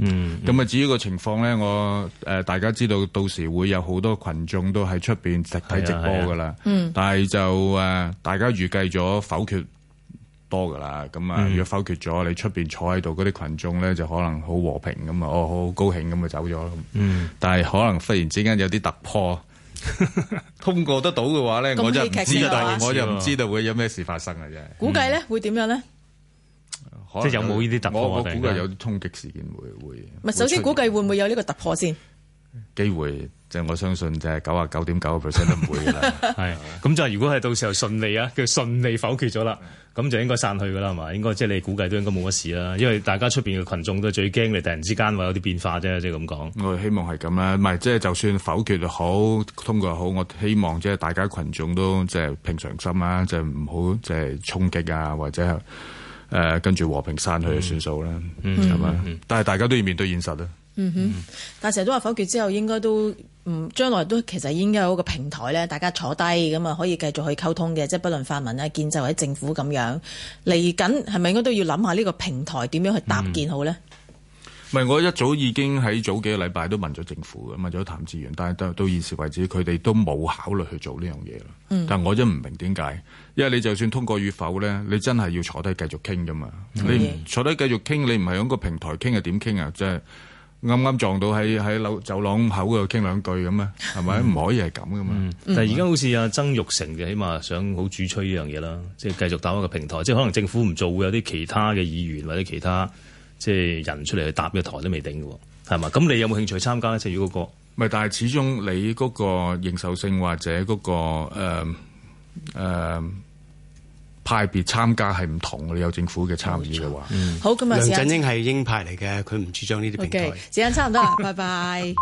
咁啊，至於個情況咧，我。誒、呃，大家知道到時會有好多群眾都喺出邊直睇直播噶啦，啊啊、但係就誒、呃，大家預計咗否決多噶啦。咁啊，嗯、如果否決咗，你出邊坐喺度嗰啲群眾咧，就可能好和平咁啊，哦，好高興咁啊走咗。嗯、但係可能忽然之間有啲突破 通過得到嘅話咧，我就知道，我就唔知道會有咩事發生啊！啫，估計咧會點樣咧？嗯即係有冇呢啲突破？我，我估計有啲衝擊事件會會。唔係，首先估計會唔會有呢個突破先？機會即係、就係、我相信就，即係九啊九點九個 percent 都唔會噶啦。係咁、 嗯、就係，如果係到時候順利啊，叫順利否決咗啦，咁 就應該散去噶啦，係嘛？應該即係你估計都應該冇乜事啦。因為大家出邊嘅群眾都係最驚你突然之間話有啲變化啫，即係咁講。我希望係咁啦，唔係即係就算否決就好，通過好，我希望即係大家群眾都即係平常心啊，即係唔好即係衝擊啊，或者。誒、呃，跟住和平散去就算數啦，係嘛？但係大家都要面對現實啦。嗯哼，嗯，但成日都話否決之後，應該都唔、嗯、將來都其實應該有一個平台咧，大家坐低咁啊，可以繼續去溝通嘅，即係不論泛民咧、建制或者政府咁樣，嚟緊係咪應該都要諗下呢個平台點樣去搭建好咧？嗯嗯唔係，我一早已經喺早幾個禮拜都問咗政府嘅，問咗譚志源，但係到到現時為止，佢哋都冇考慮去做呢樣嘢啦。嗯、但係我真唔明點解，因為你就算通過與否咧，你真係要坐低繼續傾噶嘛？你唔坐低繼續傾，你唔係喺個平台傾，係點傾啊？即係啱啱撞到喺喺樓走廊口度傾兩句咁啊？係咪？唔、嗯、可以係咁噶嘛？嗯嗯嗯、但係而家好似阿曾鈺成嘅，起碼想好主催呢樣嘢啦，即係繼續打開個平台，即係可能政府唔做，會有啲其他嘅議員或者其他。即係人出嚟去搭嘅台都未定嘅，係嘛？咁你有冇興趣參加呢？七如嗰、那個咪，但係始終你嗰個認受性或者嗰、那個誒、呃呃、派別參加係唔同你有政府嘅參與嘅話，錯嗯、好咁啊！梁振英係鷹派嚟嘅，佢唔主張呢啲平台。Okay, 時間差唔多啦， 拜拜。